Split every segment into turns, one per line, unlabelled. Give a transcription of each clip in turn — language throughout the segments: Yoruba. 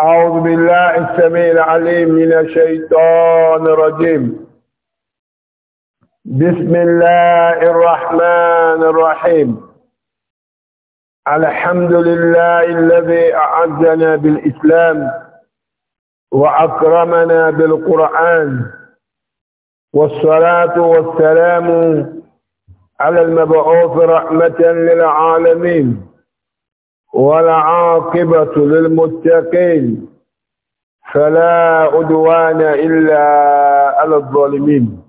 أعوذ بالله السميع العليم من الشيطان الرجيم بسم الله الرحمن الرحيم الحمد لله الذي أعزنا بالإسلام وأكرمنا بالقرآن والصلاة والسلام على المبعوث رحمة للعالمين والعاقبة للمتقين فلا أدوان إلا على الظالمين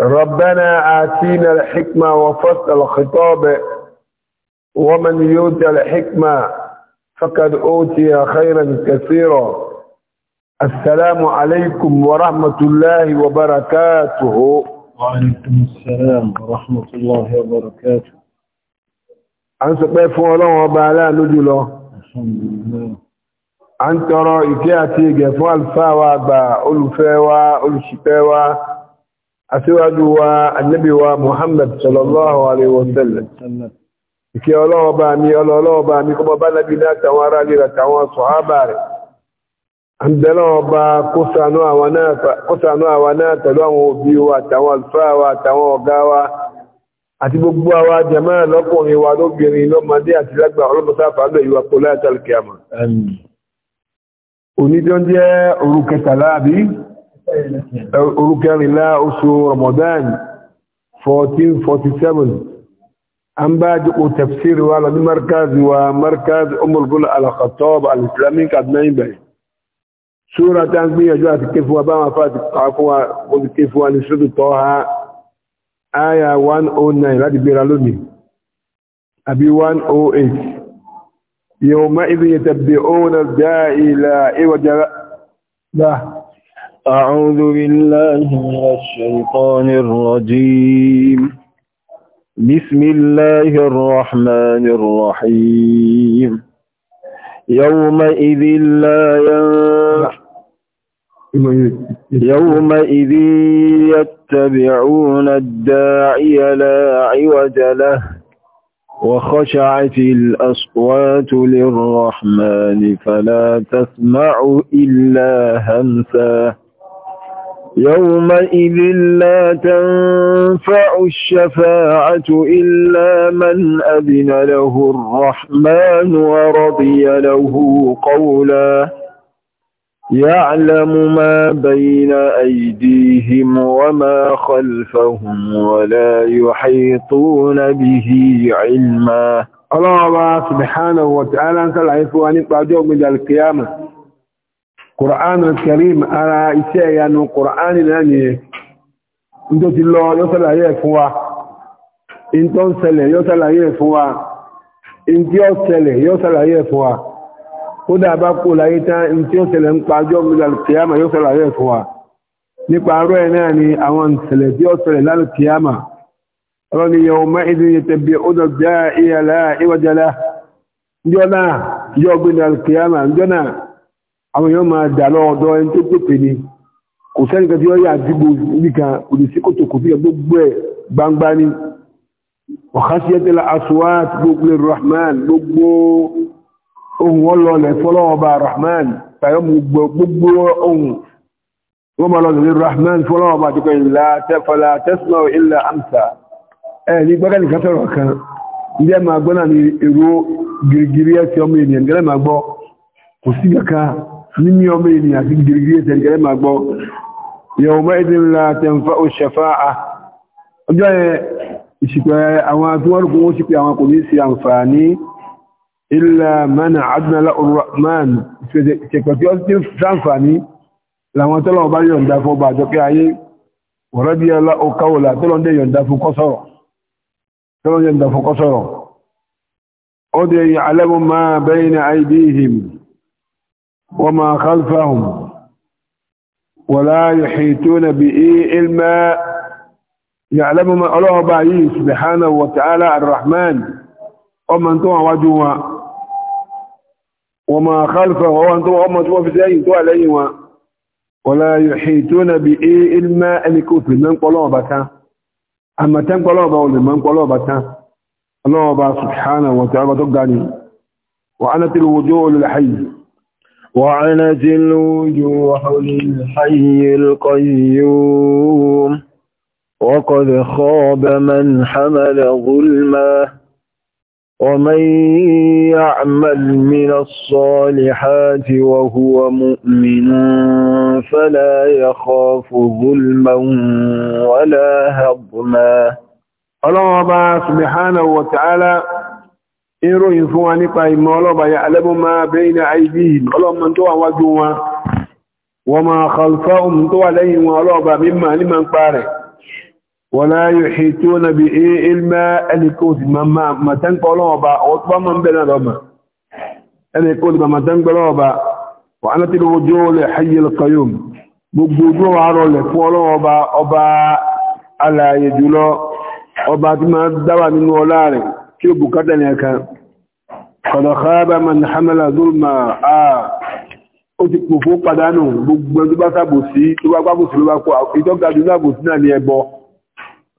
ربنا آتينا الحكمة وفصل الخطاب ومن يؤتى الحكمة فقد أوتي خيرا كثيرا السلام عليكم ورحمة الله وبركاته وعليكم السلام ورحمة الله وبركاته a ń sọpẹ́ fún ọlọ́run ọba aláàánú jùlọ a ń tọrọ ìkẹ́ àti ìgẹ̀ fún àlùfáà wa àgbà olùfẹ́ wa olùṣìpẹ̀ wa aṣíwájú wa annabi wa muhammad sallallahu alaihi wa sallam ìkẹ́ ọlọ́run ọba mi ọlọ́run ọba mi kọ́mọ bá nàbí látàwọn ará lè ràtàwọn sọ̀hábà rẹ̀ a ń bẹ̀rẹ̀ ọba kó ṣàánú àwa náà pẹ̀lú àwọn òbí wa àtàwọn àlùfáà àtàwọn ọ̀gá wa àti gbogbo àwa jàmá lọ́kùnrin wa lóbìnrin lọ́mọdé àti lágbà ọlọ́mọsáfà lọ ìwà kò láìtàlù kìámà. oníjọ́ jẹ́ òru àbí òru oṣù Ramadan 1447 an bá jùkú tafsir wa lọ ní markaz wa markaz umulgul al-khattab al-islami kadnayin bai sura ta gbìyànjú àti kéfuwa bá wọn fà aya 109 láti gbéra lónìí àbí 108 يومئذ يتبعون الداعي لا عوج له أعوذ بالله من الشيطان الرجيم بسم الله الرحمن الرحيم يومئذ لا ينفع يومئذ يتبعون الداعي لا عوج له وخشعت الأصوات للرحمن فلا تسمع إلا همسا يومئذ لا تنفع الشفاعة إلا من أذن له الرحمن ورضي له قولاً يعلم ما بين أيديهم وما خلفهم ولا يحيطون به علما الله سبحانه وتعالى سلعف ونقاجه من القيامة قرآن الكريم أرى إشياء أنه قرآن لأني انتو تلو يسأل يفوا انتو سلي يسأل يفوا انتو سلي يسأل يفوا kódà bá kó láyé tán ní tí ó tẹ̀lẹ̀ ń pa ajọ́ kìyàmà yóò fẹ́ láyé fún wa nípa arọ́ ẹ̀ náà ni àwọn ìṣẹ̀lẹ̀ tí ó ṣẹlẹ̀ lálẹ́ kìyàmà ọlọ́ni yẹ̀wò má ìdí yẹ tẹ̀bi ọdọ̀ bíá ìyàlá ìwọ̀jẹ̀lá ńjọ́ náà yọ gbẹ̀dẹ̀ kìyàmà ńjọ́ náà àwọn yóò máa dà lọ́ọ̀dọ́ ẹni tó pèpè ni kò sẹ́nìkan tí ó yà gbogbo rahman gbogbo ohun wọn lọ lẹ fọ́lọ́wọ́ bá rahman tàyọ gbogbo ohun wọ́n ma lọ lè rahman fọ́lọ́wọ́ bá jùkọ́ ìlà tẹ́fọ́lá tẹ́sùnà ìlà amsa ẹ̀ ní gbọ́gẹ́ nìkan sọ̀rọ̀ kan ilé ma gbọ́ náà ní èrò gírígírí ẹsẹ̀ ọmọ ènìyàn gẹ́lẹ́ ma gbọ́ kò sí kaka níní ọmọ ènìyàn àti gírígírí ẹsẹ̀ gẹ́lẹ́ ma إلا من عدنا له الرحمن كيكوكي أستيف شانفاني لما تلو بان يندافو بعدك أي ورضي الله قولا تلو دي يندافو قصر تلو يندافو قصر أدي يعلم ما بين أيديهم وما خلفهم ولا يحيطون به علما يعلم ما الله بعيد سبحانه وتعالى الرحمن ومن توعدوا وما خلفه وان تو أمة تو في سيئين تو عليهم ولا يحيطون بإيه إلما الكفر من بكا أما تن من قلوا بكا الله سبحانه وتعالى تقعني وعنت الوجوه للحي وعنت الوجوه للحي القيوم وقد خاب من حمل ظلماً ومن يعمل من الصالحات وهو مؤمن فلا يخاف ظلما ولا هضما ọlọ́wọ́ bá subhanahu wa ta'ala ìròyìn fún wa nípa ìmọ̀ ọlọ́bà ya alẹ́bùn máa bayna aydihim ọlọ́mọ tó wà wájú wọn wa ma khalfahum tó wà lẹ́yìn wọn ọlọ́bà mímọ̀ nímọ̀ ń pa rẹ̀ ولا يحيطون به علما الكوث مما ما تنقلوبا وطبا من بين رما الكوث مما تنقلوبا وانا الوجوه لحي القيوم بوجوه عرو لفولوبا أبا على يجلو أبا ما دوا من ولاري كيو بكتن يكا قد خاب من حمل ظلما آه ó ti pòfó pàdánù gbogbo ẹgbẹ́ bá sàbòsí tó bá gbábòsí ló bá kó ìtọ́gbàdúnlàbòsí náà ní ẹbọ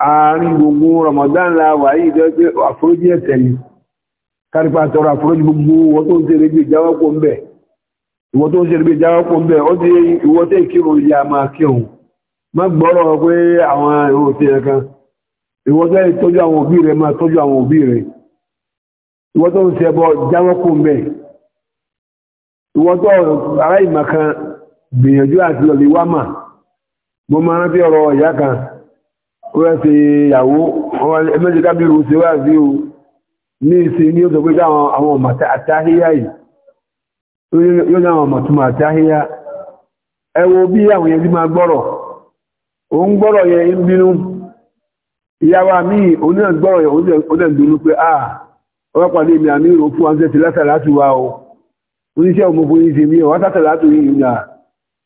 àárín gbogbo Ramadan la wà yìí jẹ́ pé àforójì ẹ̀tẹ̀ ni kárípa tọrọ àforójì gbogbo wọ́n tó ń ṣe rẹ́gbẹ̀ jáwọ́pọ̀ ń bẹ̀ ìwọ́n tó ń ṣe rẹ́gbẹ̀ jáwọ́pọ̀ ń bẹ̀ ó ti ìwọ́n tẹ́ kírun ya máa kírun má gbọ́rọ̀ pé àwọn ìwọ̀n ti ẹ̀ kan ìwọ́n tẹ́ tọ́jú àwọn òbí rẹ̀ máa tọ́jú àwọn òbí rẹ̀ ìwọ́n tó ń ṣe bọ́ jáwọ́pọ̀ ń bẹ̀ ìwọ́n tó ará ìmọ̀ kan gbìyànjú àti lọ́lẹ̀ mo máa rántí ọ̀rọ̀ ìyá kan wọ́n ti yàwó ẹmẹ́jì kábírù ti wá o ní ìsìn ní oṣù pé káwọn àwọn ọmọ àtàhíyá yìí yóò ní àwọn ọmọ túnmọ̀ àtàhíyá ẹ wo bí àwọn yẹn ti máa gbọ́rọ̀ òun gbọ́rọ̀ yẹn ń bínú ìyàwó àmì oníyàn gbọ́rọ̀ yẹn ó a ọwọ́ pàdé mi wa o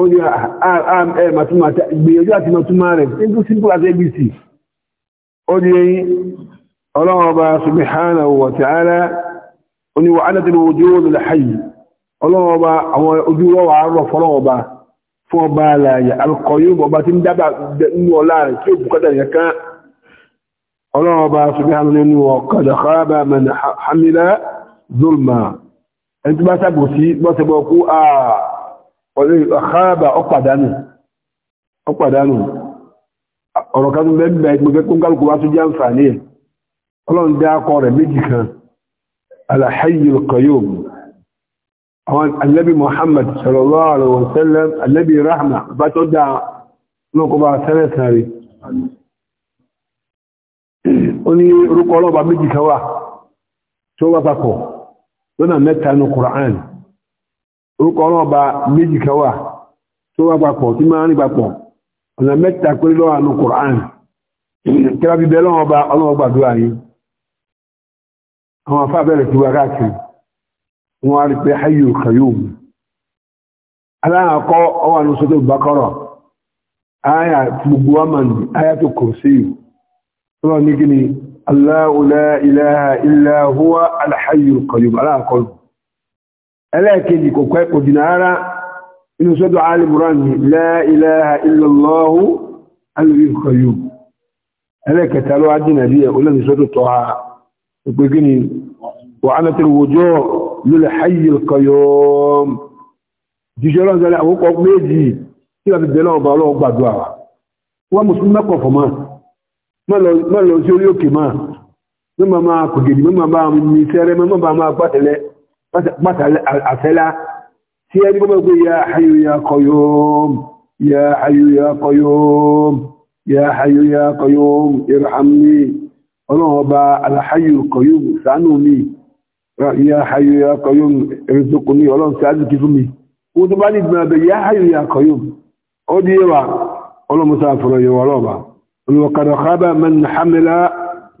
ó ní àmẹ́ ah, ah, ah, eh, màtúmà gbìyànjú àti màtúmà rẹ̀ nígbó simple as abc ó ní ẹyìn ọlọ́wọ́ bá subhanahu wa ta'ala ó ní wà ánàtìlú ojú ó lè hayi ọlọ́wọ́ bá àwọn ojú rọ́wà rọ̀ fọ́lọ́wọ́ bá fún ọba alàyà alkọ̀yí ọba tí ń dábà nínú ọlá rẹ̀ tí ọ̀háàbà ọ̀pàdánù ọ̀pàdánù ọ̀rọ̀ kan bẹ́ẹ̀ gbogbo kọ́nkálùkù wá tó jẹ́ àǹfààní ẹ̀ ọlọ́run dá akọ rẹ̀ méjì kan alhayyul qayyum àwọn annabi muhammad sallallahu alaihi wasallam annabi rahma bá tó dá lọ́kọ́ bá sẹ́rẹ̀ sáré ó ní orúkọ orúkọ ọlọ́ọ̀ba méjì kan wà tó wá papọ̀ tí máa ń rí papọ̀ ọ̀nà mẹ́ta péré lọ́wọ́ àánú Qur'an kíra bíbẹ́ lọ́wọ́ ọba ọlọ́wọ́ gbàdúrà yìí àwọn afá bẹ̀rẹ̀ sí wa káàkiri wọn á rí pé hayyu qayyum aláàkọ́ ọwọ́ àánú sọ́tò bákọ́rọ̀ áyà gbogbo wa mà tó kọ̀ sí yìí ọlọ́ọ̀ ní kí ni ẹlẹ́ẹ̀kejì kò kọ́ kò jìnà rárá inú sọ́dọ̀ alimuran ni la ilaha illallahu aliyul qayyum ẹlẹ́ẹ̀kẹta ló ajínà bí ẹ̀ olóòrùn sọ́dọ̀ tọ́ ha pípé gíní wà ánàtìrì wòjọ́ lórí hayyul qayyum jíṣẹ́ lọ́nzẹ́lẹ́ àwọ́kọ́ méjì tí wà fi bẹ̀rẹ̀ ọba ọlọ́wọ́ gbàdúrà wa wọ́n mùsùlùmí mẹ́kọ̀ fọ́ máa مثلا الأسئلة سيدي بقول يا حي يا قيوم يا حي يا قيوم يا حي يا قيوم ارحمني الله با الحي القيوم سانوني يا حي يا قيوم ارزقني الله سعدك فمي ودبالي بما يا حي يا قيوم أوديوا الله مسافر يا ولوبا وقد خاب من حمل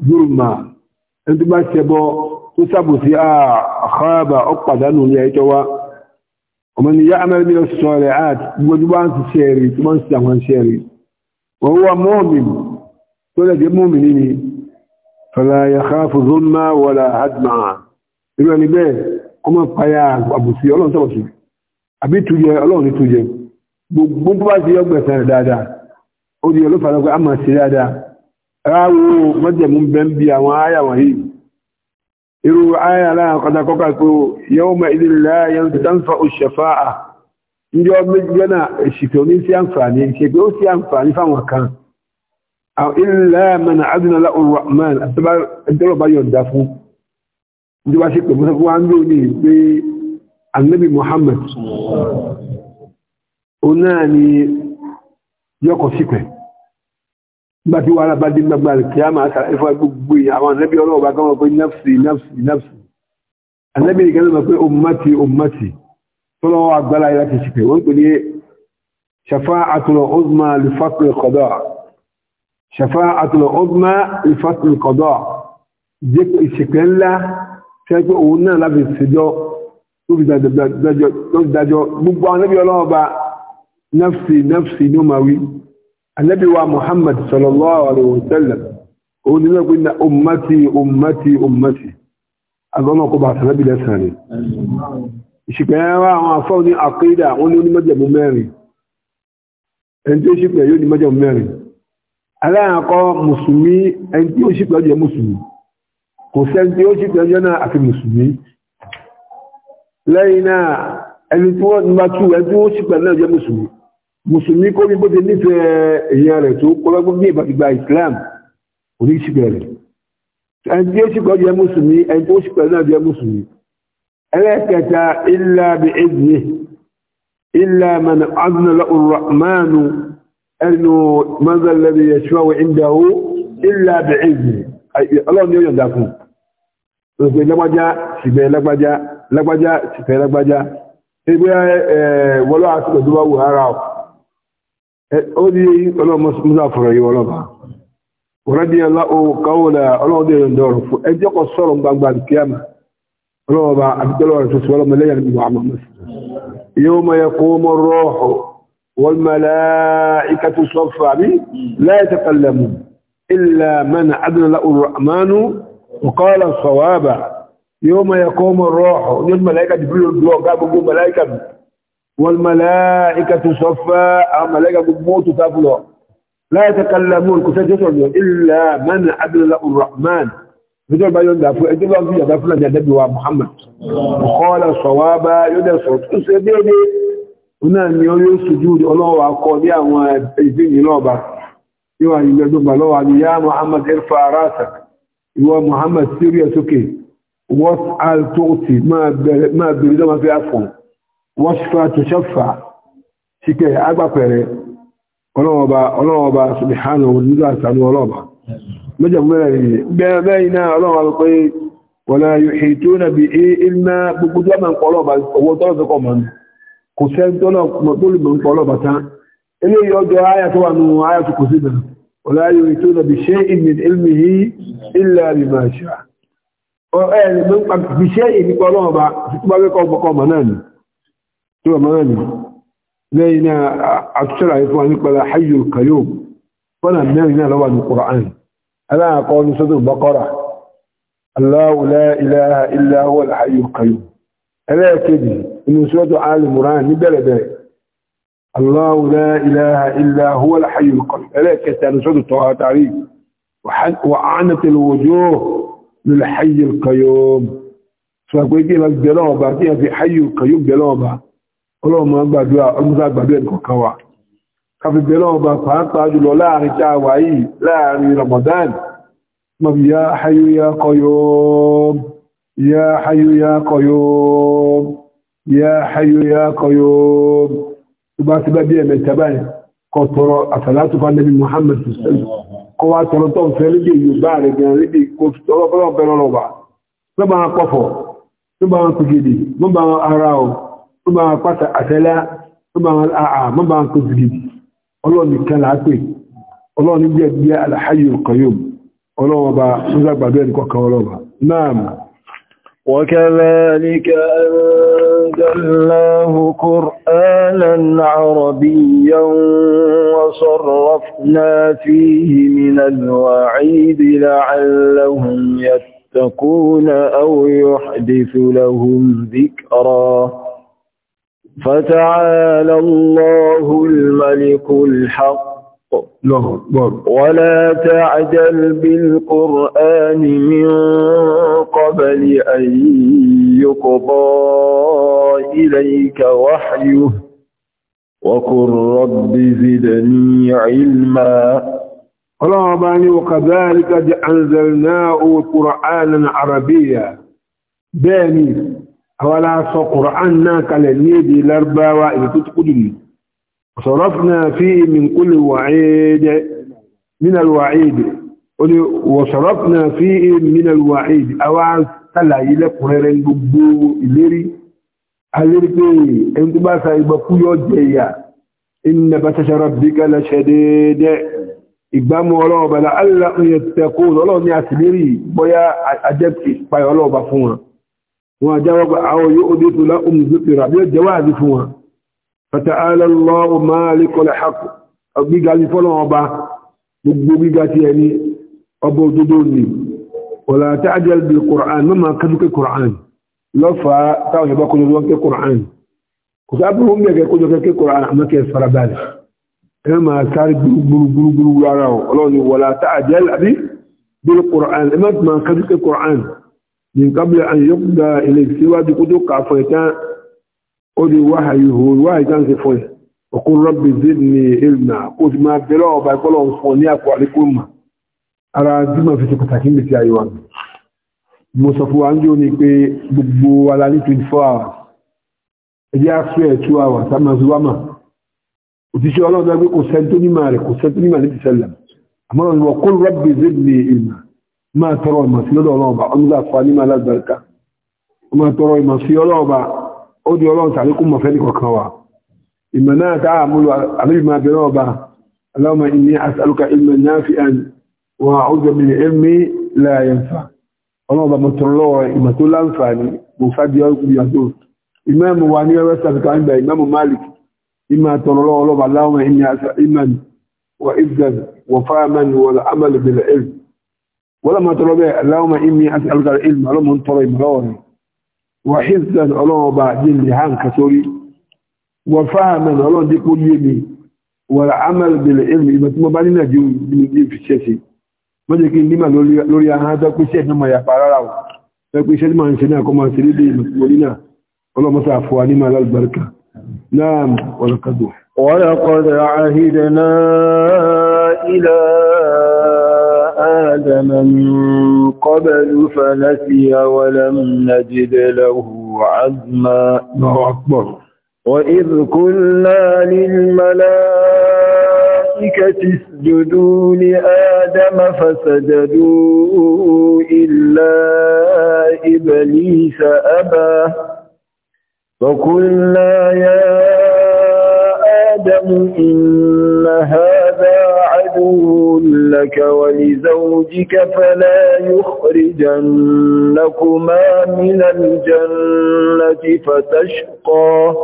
ظلما انت بس يبو tó sàbòsí ah, àkọ́ọ̀bà ọ̀pàdánù ní ẹjọ́ wá ọmọ ni yá amẹ́rin mílọ̀ sọ̀rẹ̀ àt gbogbo bá ń ti ṣẹ́ẹ̀rì tí wọ́n ń sàwọn ṣẹ́ẹ̀rì wọ́n wà mọ́ọ̀mìn tó lẹ́gbẹ̀ẹ́ mọ́ọ̀mìn ni fàlàyé káfù zọ́mà wàlà hadma irú ẹni bẹ́ẹ̀ ọmọ payá àbùsí ọlọ́run sọ̀rọ̀sì àbí tujẹ ọlọ́run tujẹ gbogbo bó bá ti yọ irú ayà láàrín kọjá kọ́kà pé yau ma ìdílá yẹn tánfà òṣèfáà ndị ọmọdéjọ́nà ìṣìkò ní sí àǹfààní ṣe pé ó sí àǹfààní fáwọn kan ilẹ̀ mẹ́nà adúnàlá ọ̀rọ̀mọ́n àtọ́lọ́bá yọ̀ǹda fún ndị wá sí pé mọ́sán fún wa ń lò ní pé annabi Muhammad ó ni yọkọ̀ sípẹ̀ gbàtí wà lábá dín gbàgbà kí a máa sàrẹ́ fún gbogbo àwọn ànábì ọlọ́ọ̀bá kan wọ́n pé nafsi nafsi nafsi ànábì nìkan lọ́wọ́ pé ummati ummati tọ́lọ́wọ́ agbára yìí láti ṣìpẹ̀ wọ́n pè ní shafa'atul uzma li fasl qada shafa'atul uzma li fasl qada jẹ́ pé ìṣìpẹ̀ ńlá ṣe pé òun náà láti ṣèjọ́ tó fi dájọ́ gbogbo ànábì ọlọ́ọ̀bá nafsi nafsi ní ó máa wí النبي محمد صلى الله عليه وسلم قول لك إن أمتي أمتي أمتي أظن قبعة النبي لساني ìṣìkẹ̀yẹ́ wá àwọn afọ́ ní àkídà wọn ní onímọ̀jẹ̀mú mẹ́rin ẹni tí ó ṣìkẹ̀ yóò ní mọ̀jẹ̀mú mẹ́rin aláàkọ́ mùsùlùmí ẹni tí ó ṣìkẹ̀ ọjọ́ mùsùlùmí kò sẹ́ni tí ó ṣìkẹ̀ ọjọ́ náà àfi mùsùlùmí lẹ́yìn náà ẹni tí wọ́n bá tú ẹni tí ó ṣìkẹ̀ náà jẹ́ mùsùlùmí mùsùlùmí kó ní bóde nífẹ̀ẹ́ èèyàn rẹ̀ tó kọ́lọ́gbọ́n ní ìgbàgbà islam oníṣìgbẹ̀ rẹ̀ ẹni tí ó ṣìgbà jẹ́ mùsùlùmí ẹni tó ṣìgbà náà jẹ́ mùsùlùmí ẹlẹ́kẹta ilá bí ẹ̀dìyẹ ilá mẹ́nà azùnàlá ọ̀rọ̀mánu ẹnu mọ́zàlẹ́bí yẹ̀ṣọ́wọ́ ìdáwó ilá bí ẹ̀dìyẹ ọlọ́run ni ó yọ̀ǹda fún òkè lágbájá ṣìgbẹ́ lágbájá lágbájá ṣìgbẹ́ lágbájá ẹgbẹ́ wọlọ́ àti pẹ̀lú wà ara ọ̀ أودي ولا مسافر ولا ورضي الله قولا الله دي ندور أجي قصر بان بان كيما الله با أبدل ورسول ولا مليا محمد يوم يقوم الروح والملائكة صفا لا يتكلمون إلا من عدل له الرحمن وقال صوابا يوم يقوم الروح والملائكة جبريل الدواء قابوا ملائكة والملائكة صفا الملائكة بموت تفلو لا يتكلمون كسجسون إلا من عبد الله الرحمن بدون ما يندافع إذن الله فيه يدافعنا للنبي محمد وقال صوابا يدى صوت أسديني هنا نيوي سجود الله وقال يا وإذن لوبا يوا يدوب الله يا محمد ارفع راسك يوا محمد سيريا سكي واسأل تؤتي ما بريد ما في أفهم washfa tushaffa síkẹ̀ agbápẹ̀rẹ̀ ọlọ́ọba subhanahu nígbà àtàrí ọlọ́ọba mẹ́jọ mẹ́rẹ̀ bẹ́ẹ̀ iná ọlọ́ọba pé wala yuhituna bi ilma gbogbo jẹ́mà ń pọ̀lọ́ọba owó tọ́lọ́sọ́kọ̀ mọ́ kò sẹ́ Ẹ̀rìn سوى مغاني لينا أكثر يقول حي القيوم فانا مالنا لوان القرآن ألا قول صدق بقرة الله لا إله إلا هو الحي القيوم ألا كده إنه سوى دعال مران نبال الله لا إله إلا هو الحي القيوم ألا كده أنه سوى دعال تعريف وعنة الوجوه للحي القيوم فقلت لك جلوبة في حي القيوم جلوبة ọlọ́ọ̀mọ́ gbàdúrà ọlọ́mọ́sá gbàdúrà nìkọ̀kan wa kàfẹ́bẹ̀ náà bá pàápàá jùlọ láàrin tí a wà yìí láàrin Ramadan mọ̀bí ya hayo ya qayyum ya hayo ya qayyum ya hayo ya qayyum tó bá ti bá bí ẹ̀mẹ̀ tẹ́báyì kọ tọrọ àtàlátù nẹ́bí Muhammad sùsẹ́lì kọ wá tọrọ tó ń fẹ́ lédè Yorùbá rẹ̀ gan lédè kò tọrọ bọ́lọ̀ bẹ́rọ̀ ara ọ̀ tó máa pàtà àtẹ́lá tó máa àà má bá ń kó zigi ọlọ́run nìkan láàpẹ́ ọlọ́run ní jẹ́ bí al-hayyul qayyum ọlọ́run ọba tó lágbàdo ẹni kọ̀ọ̀kan ọlọ́run náà وكذلك أنزلناه قرآنا عربيا وصرفنا فيه من الوعيد لعلهم يتقون أو يحدث لهم ذكرا فتعالى الله الملك الحق ولا تعجل بالقرآن من قبل أن يقضى إليك وحيه وقل رب زدني علما الله وكذلك أنزلناه قرآنا عربيا باني أولا سو قرآننا كالنيدي لرباوة إلتتقدم وصرفنا فيه من كل وعيد من الوعيد وصرفنا فيه من الوعيد أولا سلا إلى قرآن ببو إليري أليري أنت باسا يبقو يوجيا إن بتش ربك لشديد إقبام ولو بلا ألا يتقول ولو نعسليري بويا أجبك فيولو بفونه وجاوب أو يؤذف لهم ذكرى بالجواز فوا فتعالى الله مالك الحق أبي قال فلان أبا بقبي قاتيني أبو دودوني ولا تعجل بالقرآن مما كذلك القرآن لفا تاوه باكو جوانك القرآن كتابهم يكو جوانك القرآن أما كيف فربالي إما ساري بلو بلو بلو بلو ولا تعجل بالقرآن إما كذلك القرآن ní kábílẹ̀ àyíyọ́kùdá ilé síwájú kó tó kà fún ẹ̀tán ó di wáhàyí hòrò wáhàyí tán sí fún ẹ̀ ọkùn rọ́bì zid ní ilmà kó ti máa bẹ̀rẹ̀ ọba ìkọlọ̀ fún ní àpò àlékòmà ara jùmọ̀ fi ṣe pàtàkì ní ti àyíwá mo sọ fún wa ń jò ní pé gbogbo ala ní 24 hours ẹjẹ́ àṣọ ẹ̀ 2 hours a máa zuwámà òtíṣẹ́ ọlọ́dọ́ pé kò sẹ́ntónímà rẹ̀ kò sẹ́ntónímà ní ti sẹ́lẹ̀ àmọ́ ọ̀rọ̀ ọkùn rọ́bì zid ní ilmà máa tọrọ ìmọ̀sí lọ́dọ̀ ọlọ́ọ̀bà ọmọdé àfàní máa lágbàríkà ọmọ tọrọ ìmọ̀sí ọlọ́ọ̀bà ó di ọlọ́run sàríkún mọ̀fẹ́ ní kọ̀kan wa ìmọ̀ náà tá àmúlò àríwá bẹ̀rẹ̀ ọba aláwọ̀mọ̀ ìní àsàlùkà ilmọ̀ náà fi àn wọn àwùjọ mi ní ẹ̀mí láàyẹ̀fà ọlọ́ọ̀bà mo tọrọ lọ́wọ́ ìmọ̀ tó láǹfààní mo fàbí ọkùnrin ìmọ̀ wa ní west africa ń gbà ولا ما طلبه اللهم إني أسألك العلم اللهم انطري ملوري وحزة الله بعدين لهان كسوري وفهما الله دي كل يمي والعمل بالعلم إذا ثم بعدين جو بنجي في الشيء ما ذلك لما لوري هذا كل شيء نما يفعله كل شيء ما نسينا كما سيدي مسؤولنا اللهم سعفواني مال البركة نعم ولقد ولقد عهدنا إلى آدم من قبل فنسي ولم نجد له عزما الله أكبر وإذ قلنا للملائكة اسجدوا لآدم فسجدوا إلا إبليس أبى فقلنا يا آدم إن هذا عدو لك ولزوجك فلا يخرجنكما من الجنة فتشقى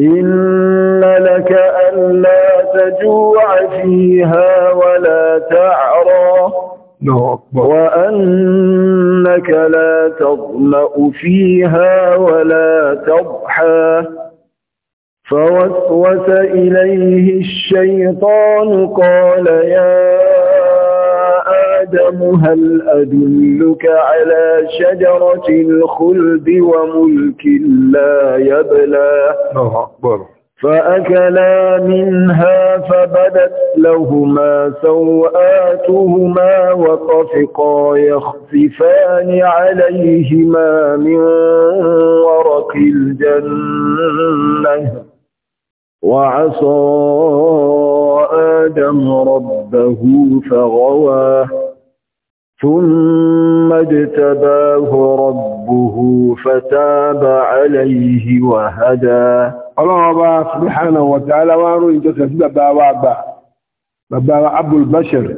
إن لك ألا تجوع فيها ولا تعرى وأنك لا تظمأ فيها ولا تضحى فوسوس إليه الشيطان قال يا آدم هل أدلك على شجرة الخلد وملك لا يبلى الله أكبر فأكلا منها فبدت لهما سوآتهما وطفقا يخففان عليهما من ورق الجنة وعصى آدم ربه فغوى ثم اجتباه ربه فتاب عليه وهدى الله سبحانه وتعالى وانو انتسى بابا وابا بابا أبو البشر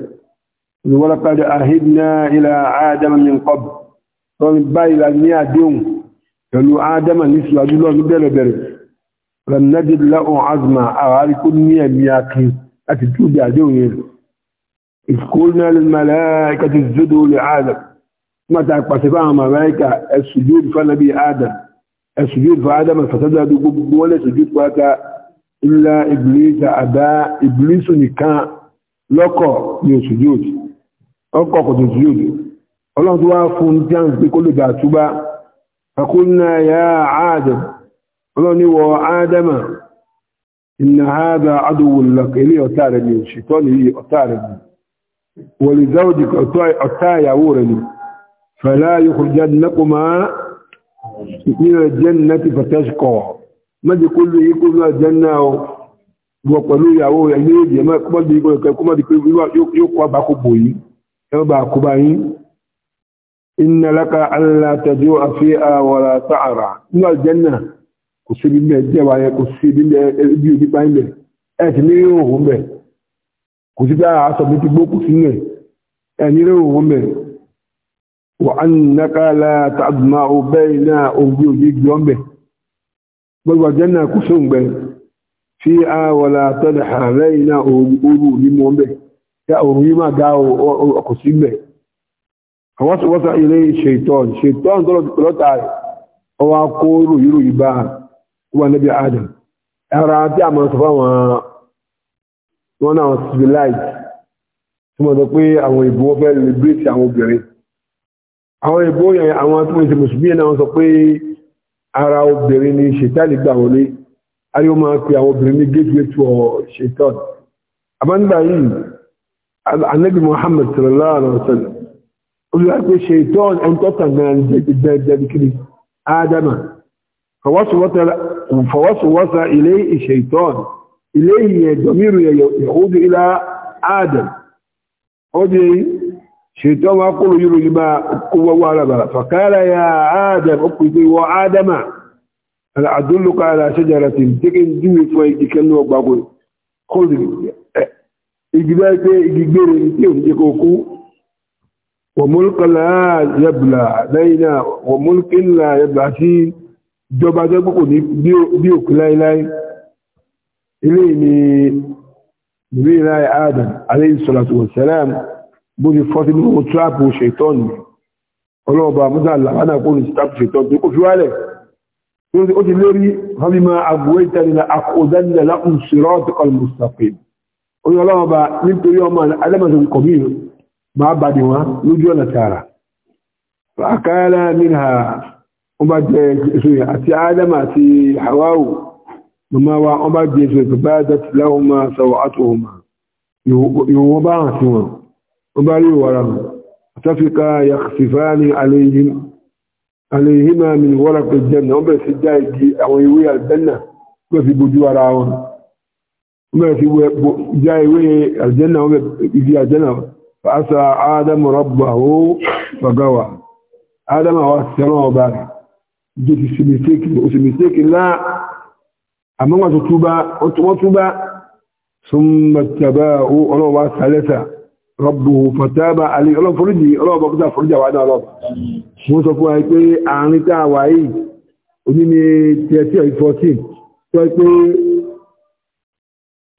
ولقد أهدنا إلى آدم من قبل ومن طيب، بايل أدنيا ديون قالوا آدم نسوى جلوه بيرو بره لم نجد له عزما أغارق مياكي أتجود عجوه إذ قلنا للملائكة اسجدوا لآدم متى قصفها ملائكة السجود فنبي آدم السجود فآدم فسجدوا ولا سجود فاتا إلا إبليس أبا إبليس نكان لقى من سجود أقى قد سجود الله دعا فنجان بكل باتوبة فقلنا يا آدم ọlọ́niwọ̀ ádámà iná hádá adúwòlọ́kà ilé ọ̀tá rẹ̀ ni òṣìtọ́ ni yí ọ̀tá rẹ̀ ni wọ̀lì záwọ́dì ọ̀tá ìyàwó rẹ̀ ni fẹ̀lá yóò nàkùnmá ìpínlẹ̀ jẹ́nà ti fẹ̀tẹ́ṣkọ̀ mẹ́jì kúlù yí kúlù àjẹ́nà inna laka an la tajua fi'a wa la ta'ara ina aljanna kò sí ibi bẹ́ẹ̀ jẹ́ wa yẹn kò sí ibi bẹ́ẹ̀ bí omi pa ń bẹ̀ ẹ̀ ti ní òun bẹ̀ kò sí bá aṣọ mi ti gbó kù sílẹ̀ ẹ̀ ní òun bẹ̀ wà á ní nákàlá tàbùmá o bẹ́ẹ̀ náà òun bí òye gbé bẹ̀ gbọ́dọ̀ jẹ́ náà kò sóun bẹ̀ fi àwọ̀lá tọ́lẹ̀ àárẹ̀ náà òru òní mọ́ bẹ̀ yá òru yìí máa ga ọkọ̀ sí bẹ̀ àwọn sọ̀wọ́sọ̀ ilé ṣètọ́n ṣètọ́n tọ́lọ́ta rẹ̀ ọwọ́ akóró yìí ròyìn báyìí wọ́n níbi adam ẹ̀rọ tí a máa sọ fáwọn wọn náà civilized tí wọ́n sọ pé àwọn ìbò fẹ́ liberate àwọn obìnrin àwọn ìbò yẹn àwọn tí wọ́n ti mùsùlùmí yẹn náà sọ pé ara obìnrin ni ṣètàlì gbà wọlé ayé wọn máa pe àwọn obìnrin ní gateway to ṣètàn àbáńgbà yìí anabi muhammad sallallahu alaihi wa sallam olùwà pé ṣètàn ẹni tó tàn gan-an jẹ́ فوسوس إليه الشيطان إليه ضمير يعود إلى آدم أودي شيطان يقول يقول ما قوة ولا فقال يا آدم أقضي وآدم أنا أدلك على شجرة تكن دوي فويك كنو بقول خذ إجبارك إجبارك إجبارك وملك لا يبلى علينا وملك لا يبلى فيه jọba jẹ́ púpọ̀ ní bí òkú láíláí ilé ni ìwé láì adam aléìsọ̀làtò wọ̀sẹ̀lẹ́m bó ti fọ́ sí ní ohun tíráàpù ṣètọ́n ọlọ́ọ̀bà mọ́sá làwádà kó ní tíráàpù ṣètọ́n tó kò fi wálẹ̀ ó ti lérí fábímá agbóhé tẹ́lẹ̀ na àkóòdánilẹ̀ lákùn sírọ́ọ̀tì kọlùmùsàpè oní ọlọ́ọ̀bà nítorí ọmọ wọ́n bá jẹ èso yẹn àti ádámà àti hawawu màmá wa wọ́n bá jẹ èso ìpẹ́ báyà jẹ́ tìláwọ́ máa sọ̀rọ̀ àtòwò mà ìwọ̀n bá hàn sí wọn wọ́n bá rí ìwọ̀ra wọn àtàfíkà yàtìfáàní àlèyìnmá mi wọ́ra pé jẹ́nà wọ́n bẹ̀rẹ̀ sí já igi àwọn ìwé àlùjẹ́nà wọ́n fi bojú ara wọn bẹ̀rẹ̀ sí já ìwé àlùjẹ́nà wọ́n bẹ̀rẹ̀ igi fàásà ádámù rọ́bà ó fàgáwà ádámù àwọn àṣìṣẹ́ jésù sí mistake ó sì mistake ńlá àmọ́ wọn tó túbá wọ́n túbá súnmọ́ tàbá ọlọ́wà sálẹ́sà rọ́bù fàtàbà alì ọlọ́foríjì ọlọ́ọ̀bọ̀ kúta foríjà wà náà lọ́bà mú sọ fún wa pé àárín tá a wà yìí oní ni tẹ́tí ọ̀yí 14 tó wá pé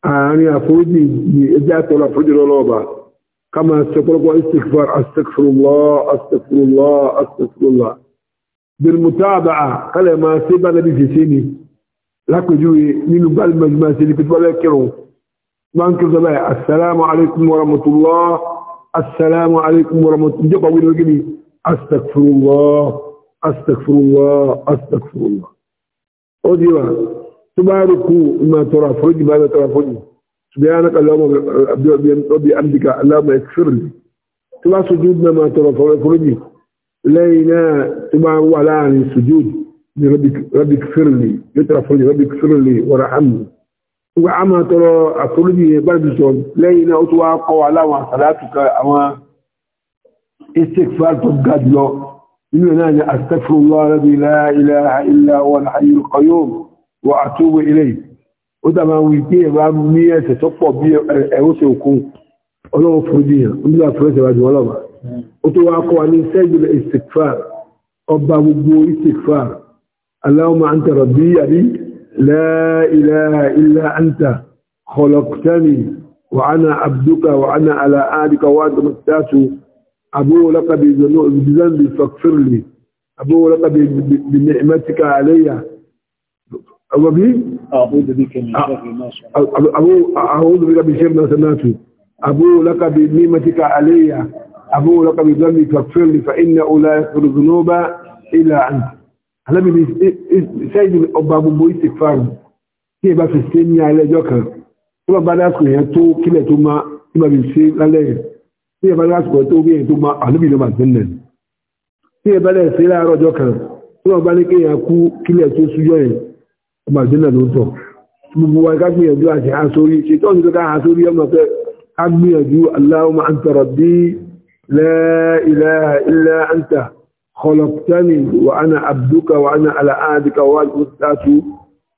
àárín àforíjì ni ẹjẹ́ àtọ́lọ́ àforíjì lọ́lọ́ọ̀bà ká máa sọ pọ́lọ́pọ́ istikfar astaghfirullah astaghfirullah astaghfirullah بالمتابعة قال ما سيبا نبي سيني لك جوي من قال ما سيني كنت ولا كيرو بانك زبايا السلام عليكم ورحمة الله السلام عليكم ورحمة الله جبا ويلو وجني أستغفر الله أستغفر الله أستغفر الله أجيبا تبارك ما ترى فرج ما ترى فرج سبحانك اللهم بأمدك اللهم اغفر لي تبارك سجودنا ما ترى فرج lẹ́yìn náà tó bá wà láàrin sujud ní rabik firli yóò tara fún ní rabik firli wàrà àmì wọ́n a máa tọrọ àforíjì gbájú sọ lẹ́yìn náà ó tó wá kọ́ wa láwọn àsàlátù ka àwọn istighfar tó ga jùlọ nínú náà ni astaghfirullah rabbi la وتوا قوانين سجل الاستغفار أبا وجو استغفار اللهم أنت ربي يعني لا إله إلا أنت خلقتني وأنا عبدك وأنا على آلك وأنت مستاس أبو لك بذنبي فاغفر لي أبو لك بنعمتك علي أبو بي أعوذ بك من شر الناس أعوذ بك من شر الناس أبو لك بنعمتك علي أبو لك بذنبي فاغفر لي فإنه لا يغفر الذنوب إلا أنت alábi ni sẹ́yìn ọba gbogbo istikfar tí ẹ bá fi ṣe ní alẹ́ ẹjọ́ kan tí wọ́n bá lásìkò yẹn tó kílẹ̀ tó máa tí wọ́n fi ṣe lálẹ́ yẹn tí ẹ bá lásìkò tó bí yẹn tó máa alábi ló máa ṣe nẹ̀ tí ẹ bá lẹ̀ ṣe láàárọ̀ ọjọ́ kan tí wọ́n bá ní kí yẹn kú kílẹ̀ tó súyọ́ yẹn kó máa ṣe nẹ̀ ló ń gbogbo wa ká gbìyànjú àti àsorí ṣètọ́jú ká àsorí ọmọ fẹ́ ká gbìyànjú Allahumma anta rabbi لا إله إلا أنت خلقتني وأنا عبدك وأنا على عهدك وعدك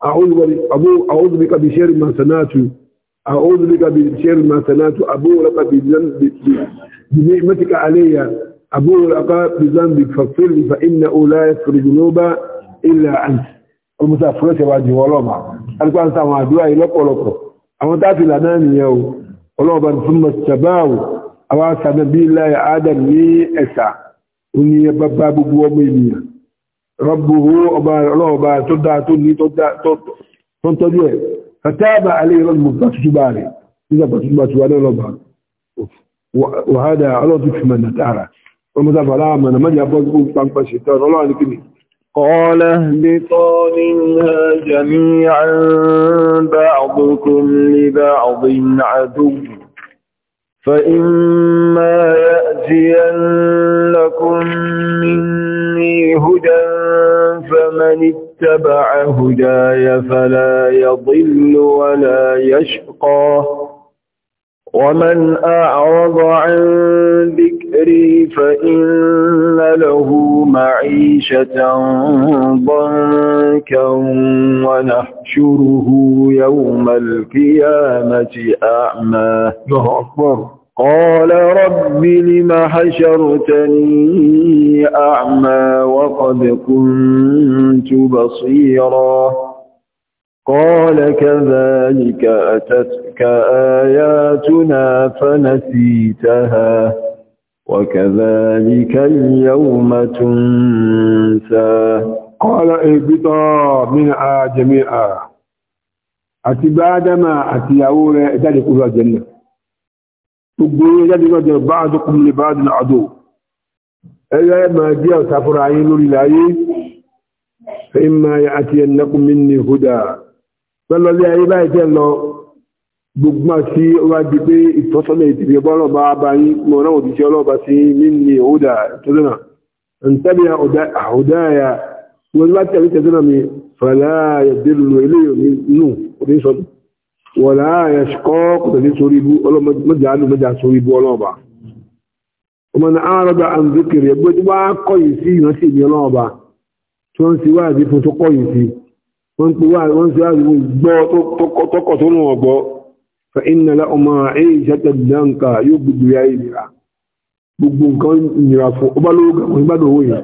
أعوذ بك بشر ما صنعت أعوذ بك بشر ما صنعت أبو لك بنعمتك علي أبو لك بذنبك فاغفر لي فإنه لا يغفر الذنوب إلا أنت المسافرات واجه ولوما alùpàá ń sáwọn àdúrà yìí lọ́pọ̀lọpọ̀ àwọn táàfì lànà nìyẹn o ọlọ́ọ̀bá ní súnmọ̀ tẹ̀báwò àwọn sànàbí láyé adam ní ẹ̀sà ó ní bàbá gbogbo ọmọ ènìyàn rọ́bùhù ọba ọlọ́ọ̀bá tó dá tó ní tó ń tọ́jú ẹ̀ fatáàbà alẹ́ ìrọ́lùmọ̀ bá tuntun bá rẹ̀ nígbà bá tuntun bá tuwá ní ọlọ́ọ̀bá wàhádà ọlọ́ọ̀tún fi mọ̀nà tààrà ọmọ sáfà aláàmọ̀ nà mọ́jà bọ́ gbogbo pàǹpà ṣètọ́ ọlọ́ọ̀ni kìíní قال اهبطوا منها جميعا بعضكم لبعض عدو فإما يأتينكم مني هدى فمن اتبع هداي فلا يضل ولا يشقى ومن أعرض عن ذكري فإن له معيشة ضنكا ونحشره يوم القيامة أعمى الله أكبر قال رب لم حشرتني أعمى وقد كنت بصيراً قال كذلك أتتك آياتنا فنسيتها وكذلك اليوم تنسى قال اهبطا منها جميعا أتي أتياور ذلك أولى الجنة تقول ذلك بعضكم لبعض العدو إلا ما جاء سفر عين لله فإما يأتينكم مني هدى lọ́lọ́lé ayé báyìí tẹ́ lọ gbogbo àti ọba di pé ìtọ́sọ́nà ìdìbò ẹgbọ́n ọlọ́ba bá yín mọ̀ náà òdìṣẹ́ ọlọ́ba sí nínú ìhódà tọ́sọ́nà ntẹ́bi àhódáyà wọn láti àrí tẹ́sọ́nà mi fàlà yàdélùlù eléyò nínú oníṣọ́nù wọ̀lá yàṣkọ́ kòtàlé sórí ibú ọlọ́mọdé àánú mẹ́jà sórí ibú ọlọ́ba ọmọ ní àárọ̀dà àǹdíkèrè ẹgbẹ́ tí wọ́n á kọ́yìn sí ìrántí ìmì ọlọ́ba tí wọ́n ti wáyà wọ́n ti wá wọ́n ti wá gbọ́ tọkọ̀ tó nù ọ̀gbọ́ fa iná la ọmọ ayé ìṣẹ́tẹ̀ dáǹkà yóò gbogbo ya ìnira gbogbo nǹkan ìnira fún ọba lówó gàmọ́ ìgbádùn owó yẹn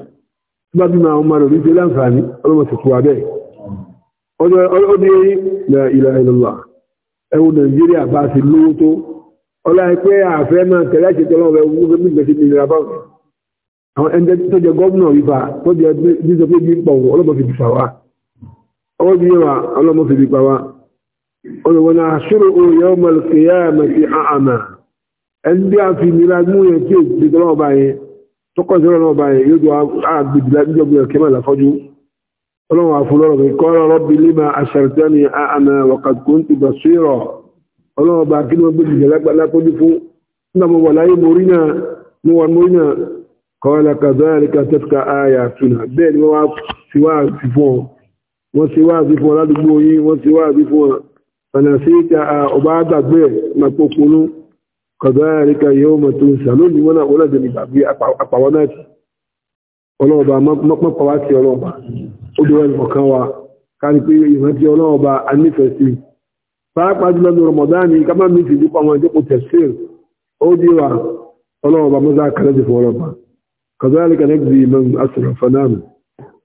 bá bí máa ọmọ rẹ̀ ní ṣe láǹfààní ọlọ́mọ tuntun wa bẹ́ẹ̀ ó ní la ilaha illallah ẹwọ nàìjíríà bá ti lówó tó ọlá ẹ pé àfẹ́ máa tẹ̀lé àṣetọ́ lọ́wọ́ ẹ̀ wọ́n mi gbèsè ní ìnira báwọn àwọn ẹni tó jẹ gómìnà wípà tó jẹ bí أودي وا الله مفيد بوا أنا ونحشره يوم القيامة أعمى أنبياء في ميلاد مو يكيد بدلوا باي تقصر لنا باي يدوا عاد بدلات يجوا كمان لفجوا الله عفو الله قال ربي لما أشرتني أعمى وقد كنت بصيرا الله باكين وبدل جلاك لا تدفو إنما ولا مورينا مو مورينا قال كذلك تفكى آياتنا بين وفي وفي فوق wọ́n ti wá àbí fún ọ ládùúgbò yín wọ́n ti wá àbí fún ọ ọ̀nà sí ìta ọba àgbàgbé mapokunu kọ̀dọ̀ẹ́ríkà yóò mọ̀ tó ń sà lónìí wọ́n náà wọ́n lọ́dẹ̀ ní gbàgbé àpàwọ́ náà ti ọlọ́ọ̀ba mọ́pàwá ti ọlọ́ọ̀ba ó dúró ẹnì kọ̀ọ̀kan wa kárí pé ìrántí ọlọ́ọ̀ba anífẹ̀ẹ́ sí pàápàá jùlọ ní Ramadan ní ká má mi ti dípò àwọn ìjókòó tẹ̀síl ó dí wa ọlọ́ọ̀ba mọ́sá kàlẹ́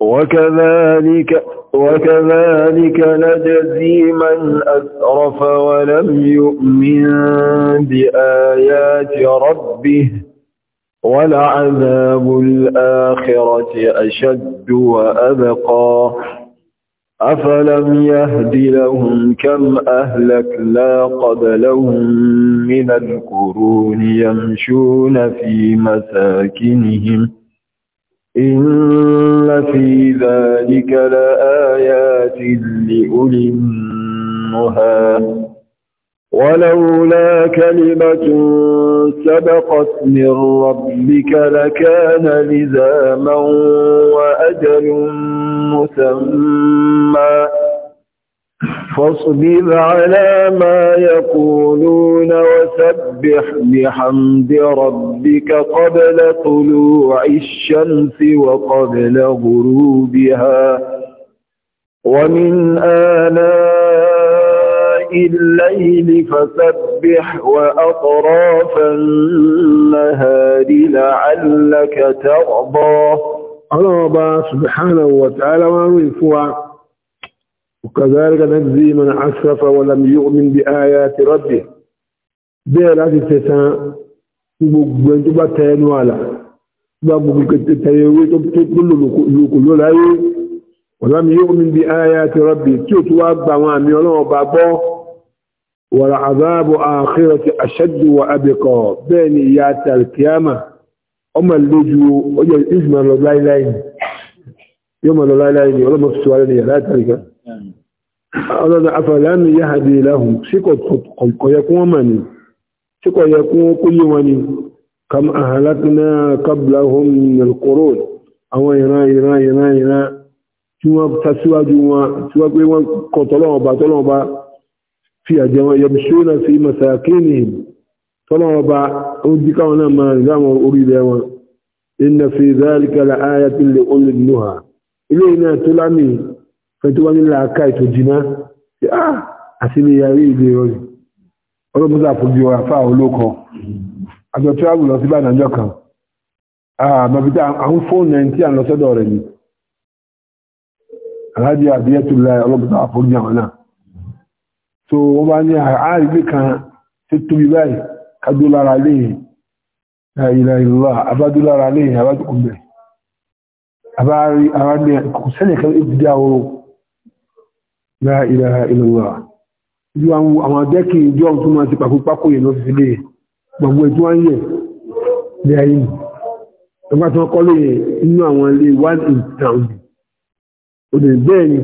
وكذلك وكذلك نجزي من أسرف ولم يؤمن بآيات ربه ولعذاب الآخرة أشد وأبقى أفلم يهد لهم كم أهلكنا قبلهم من القرون يمشون في مساكنهم إن في ذلك لآيات لأولي النهى ولولا كلمة سبقت من ربك لكان لزاما وأجل مسمى فاصبر على ما يقولون وسبح بحمد ربك قبل طلوع الشمس وقبل غروبها ومن آناء الليل فسبح وأطراف النهار لعلك ترضى الله سبحانه وتعالى ما وكذلك نجزي من أسرف ولم يؤمن بآيات ربه bẹ́ẹ̀ láti tẹ̀sán gbogbo ẹni tó bá tẹ ẹnu àlà bá gbogbo tẹ̀yẹ owó tó lòkò ló láyé ọ̀lá mi yóò mi bí ayá ti rọ́bì tí ó tó wá gba àwọn àmì ọlọ́wọ́ bá gbọ́ wàrà àzáàbò àkírọ̀ ti aṣẹ́jú wa abẹ́kọ̀ bẹ́ẹ̀ ni ìyá ti àrìkíyàmà ọmọ lójú ọjọ́ ìjùmọ̀ lọ láíláì ni yóò mọ̀ lọ láíláì ni ọlọ́mọ fi sọ wálé ni yàrá ìtàríkà ọlọ́dọ̀ afọ̀lámi yá àdé láhùn síkọ̀ yẹ kún ọmọ ni síkọ̀ yẹ kún kúlé wọn ni kam ahalakna qablahum minal qurun àwọn ìran ìran ìran ìran tí wọ́n ta síwájú wọn tí wọ́n pé wọ́n kọ̀ tọ́lọ́ọ̀bá tọ́lọ́ọ̀bá fi àjẹ wọn yabshuna fi masakinihim tọ́lọ́ọ̀bá ó jí káwọn náà máa rí láwọn orílẹ̀ wọn inna fi dhalika la ayatin li ulil nuha ilé fẹ́ tó wá nílẹ̀ aká ètò jìnnà ṣe á ah, àṣírí ayé ìlú ìrọ̀lù ọlọ́mọdé àfojú àfà olóko àjọ tíráàbù lọ sí ìbàdànjọ kan àbàbíta àwọn fóònù ẹ̀ tí à ń lọ sọ́dọ̀ rẹ̀ ni aláàjì àbíyẹ́ tó láì ọlọ́mọdé àfojú àwọn náà so wọ́n bá ní àárígbé ah, kan tó tóbi báyìí kájú lára lè ìlàìlà abájú lára lè abájú kùnbẹ̀ àbárí àwọn ẹ̀kọ́ sẹ́nìkan ìdí àwọn la ilaha illallah ju àwọn àwọn adẹ́kì ìjọ tó máa ti pàkópákó yẹ̀ lọ fi lè e. gbogbo ètò ayẹ̀ lè ayé mi ẹgbà tó kọ́ lè inú àwọn ilé one in town ò lè bẹ́ẹ̀ ni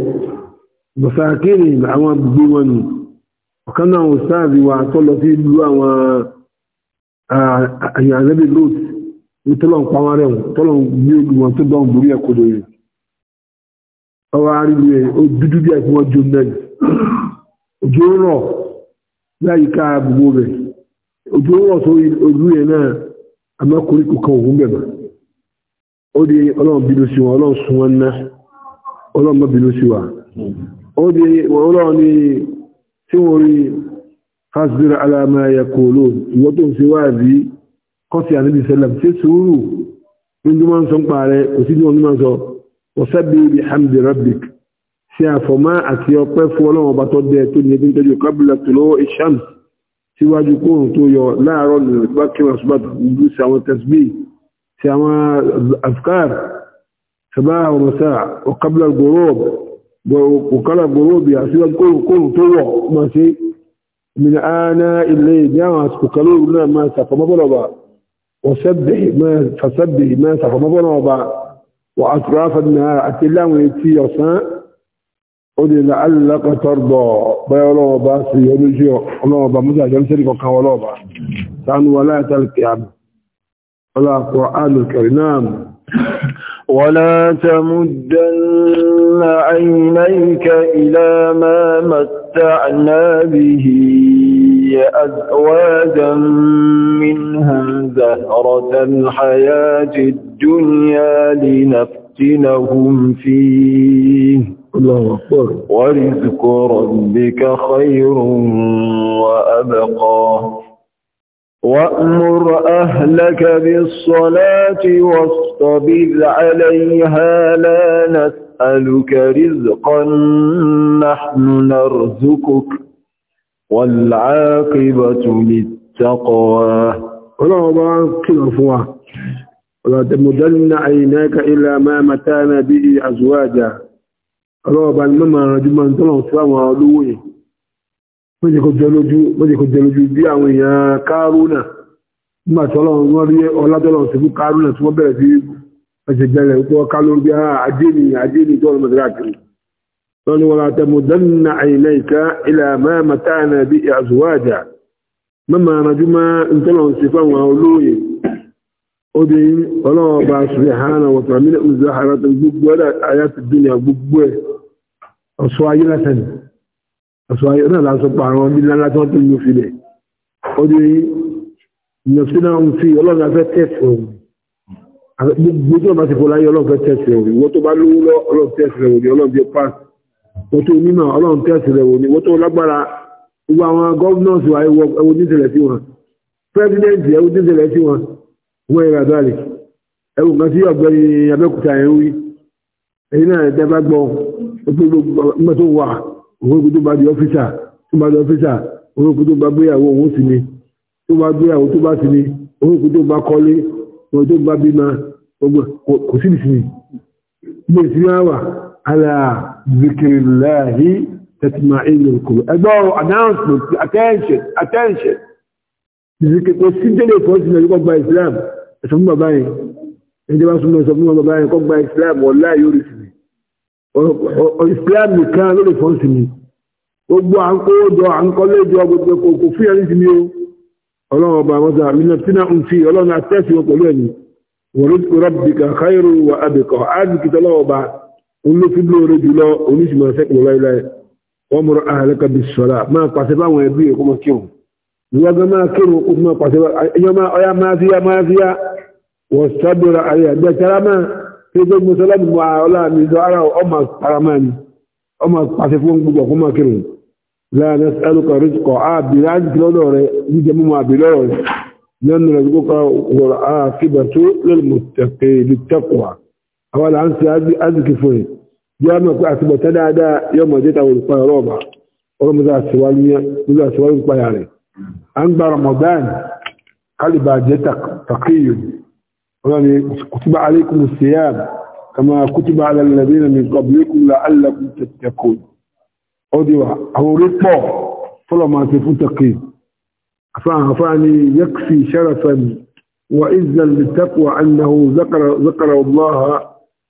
bọ̀sáàkiri àwọn agbègbè wọn ni ọ̀kan náà ò sáàbì wa tó lọ sí ìlú àwọn àyàn àlẹ́bí lóòtù ní tọ́lọ̀ ń pa wọn rẹ̀ wọn tọ́lọ̀ ń gbé olùwọ̀n tó dán gbórí ẹ̀kọ́ lóyìn ọwọ́ àríwú ẹ̀ ó dúdú bí ẹ̀kún ọjọ́ mẹ́rin òjò rọ̀ láyìíká gbogbo rẹ̀ òjò rọ̀ tó olú yẹn náà àmọ́ koríko kan òun bẹ̀ mọ́ ó di ọlọ́run bínú sí wọn ọlọ́run sún wọn ná ọlọ́run mọ́ bínú sí wa ó di ọlọ́run ní tí wọ́n rí fasbir ala ma yaqulun ìwọ́n tó ń ṣe wáàbí kọ́sì àníbi sẹ́lẹ̀ ṣe sùúrù ní ọdún máa ń sọ ń parẹ́ kò sí ní ọdún máa ń sọ wọ́sẹ́bí ibi hamdi rabbik ṣe àfọ̀mọ́ àti ọpẹ́ fún ọlọ́run ọba tó dẹ tó ní ẹbí tọ́jú kábílà tó lọ́wọ́ ishams síwájú kóòrùn tó yọ láàárọ̀ nìyàn tó bá kí wọn ṣùgbọ́n gbogbo sí àwọn tẹsbí sí àwọn afkar sabá àwọn mọ̀sá ọkábílà gòròb ọkálà gòròb yà síwájú kóòrùn tó wọ̀ mọ̀ sí min ana ilé ní àwọn àsìkò kalóòrùn náà máa ṣàfọ̀mọ́bọ̀lọ̀ ọba wọ́sẹ́bí máa ṣàfọ̀mọ́bọ̀lọ̀ ọba وأطراف النهار أتلام ويتي يصان أولي لعلك ترضى بيولو باسي يلوجي ولوبا مزا جمسري وكا ولوبا سان ولا تلك يعني ولا قرآن الكريم ولا تمدن عينيك إلى ما متعنا به لنبتلي أزواجا منها زهرة الحياة الدنيا لنفتنهم فيه الله أكبر ورزق ربك خير وأبقى وأمر أهلك بالصلاة واصطبر عليها لا نسألك رزقا نحن نرزقك والعاقبة للتقوى الله بارك فوا ولا تمدن عيناك إلى ما متانا به أزواجا ya بان مما ma تلو سوا ولوي mọ́jẹ́ kò jẹlójú bí àwọn wọ́n rí ọlátọ́lọ́ sí fún kárúnà tí wọ́n bẹ̀rẹ̀ sí ẹ̀sẹ̀ bẹ̀rẹ̀ wípé ọkà lórí bí ah, ajé ni ajé ni tọ́lọ́mọ̀tẹ́lá kiri قال ولا تمدن عينيك إلى ما متعنا به أزواجا مما نجمع انت لهم صفان وأولوي أدين الله سبحانه وتعالى من الزحرة البقوة آيات الدنيا البقوة أصوائي لسن أصوائي لا سبحانه وبالله لا تنطل في لي نفسنا في الله لا تتسهم gbogbo tí ti fọlá yẹ ọlọ́run fẹ́ wọ́n tó bá lówó lọ́ọ́ tẹ̀sí rẹ̀ wọ́n ni wọ́n tó onímọ̀ ọlọ́run tẹ́sí rẹ̀ wò ni wọ́n tó lágbára gbogbo àwọn gọ́vnọ̀sì wa ẹwọ níṣẹ̀lẹ̀ sí wọn pírẹ́sidẹ́ǹtì ẹwọ níṣẹ̀lẹ̀ sí wọn wọ́n ẹ̀rọ àdáàlì ẹwọ kan sí ọ̀gbẹ́ni abẹ́kúta ẹ̀ ń wí ẹ̀yin náà ẹ̀dá bá gbọ́ nígbà wà òun kò tó bá di ọ́fíìsà tó bá di ọ́fíìsà òun kò tó bá gbéyàwó òun sì ni tó bá gbéyàwó tó bá sì ni òun kò tó bá kọ́lé òun tó bá bímọ kò sí ni bí èsì náà على ذكر الله تتمعين القلوب أدور announcement attention attention ذكر وسجل فوزنا يقوم بإسلام أسمى باين عندما أسمى أسمى باين يقوم بإسلام والله يورثني وإسلام كان لفوزني gbogbo à ń kówó jọ à ń kọ́lé jọ gbogbo kò fí ẹni sí mi o ọlọ́run ọba àwọn ọ̀sán àmì náà tí náà ń fi ọlọ́run àtẹ́sí wọn pẹ̀lú ẹ̀yìn wọ́n ló ti rọ́bìkà káyọ̀rọ̀ wà abẹ́kọ̀ á ní kìtọ́ lọ́wọ́ ọba ló fi lóore jùlọ oníṣùmọ̀ sẹ́kùn láíláí wọ́n mọ̀rọ̀ àhàlẹ́kà bí sọ́lá máa pàṣẹ báwọn ẹbí ẹ̀kọ́ mọ̀ kírun ìwọ́gbọ́n máa kírun ó fún pàṣẹ ọyá máa fíyá máa fíyá wọ́n sábẹ̀rẹ̀ ayé ẹgbẹ́ tẹ́lá máa fi gbé mọ́sálàmù wà ọlá mi lọ ara ọmọ para máa ni ọmọ pàṣẹ fún gbogbo ọkọ máa kírun láàrín ẹlùkọ rìsíkọ àbí láti lọ́dọ̀ rẹ̀ gbogbo àwọn là ń ṣe azìkì fún yìí bí a mọ̀ pé àtibọ̀tán dáadáa yóò mọ̀ jẹ́ta olùpa ọ̀rọ̀ ọ̀bà ọ̀rọ̀ mọ́tò àṣewálú nípa rẹ̀ à ń gba Ramadan kálíbà jẹ́ takiyu ọ̀rọ̀ ni kùtùbà alaykum siyam kama kùtùbà ala alladhina min qablikum la'allakum tattaqun ọdí wa àwọn orí pọ̀ fọlọ̀ annahu zakara Allah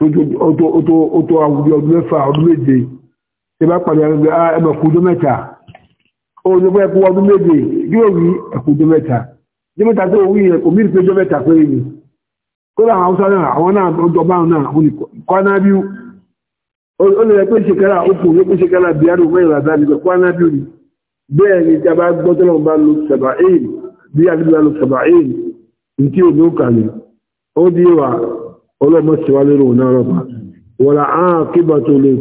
tó àwùjọ ọdún mẹ́fà ọdún méje a pàdé àgbẹ̀ ah, ẹ̀mọ̀kú ọdún mẹ́ta òun fẹ́ ọdún méje yóò rí ọdún mẹ́ta ní mẹ́ta tó rí ẹ̀kú mí pé mẹ́ta péré ni kódà àwọn àwọn náà ọjọ́ náà ó lè pé ló pé ni bẹ́ẹ̀ ni tí a bá gbọ́ bá lo a bá lo sàbà ní tí ọlọ́mọ sí wá lérò náà rọ̀bà wọ́n la á kíbà tó lè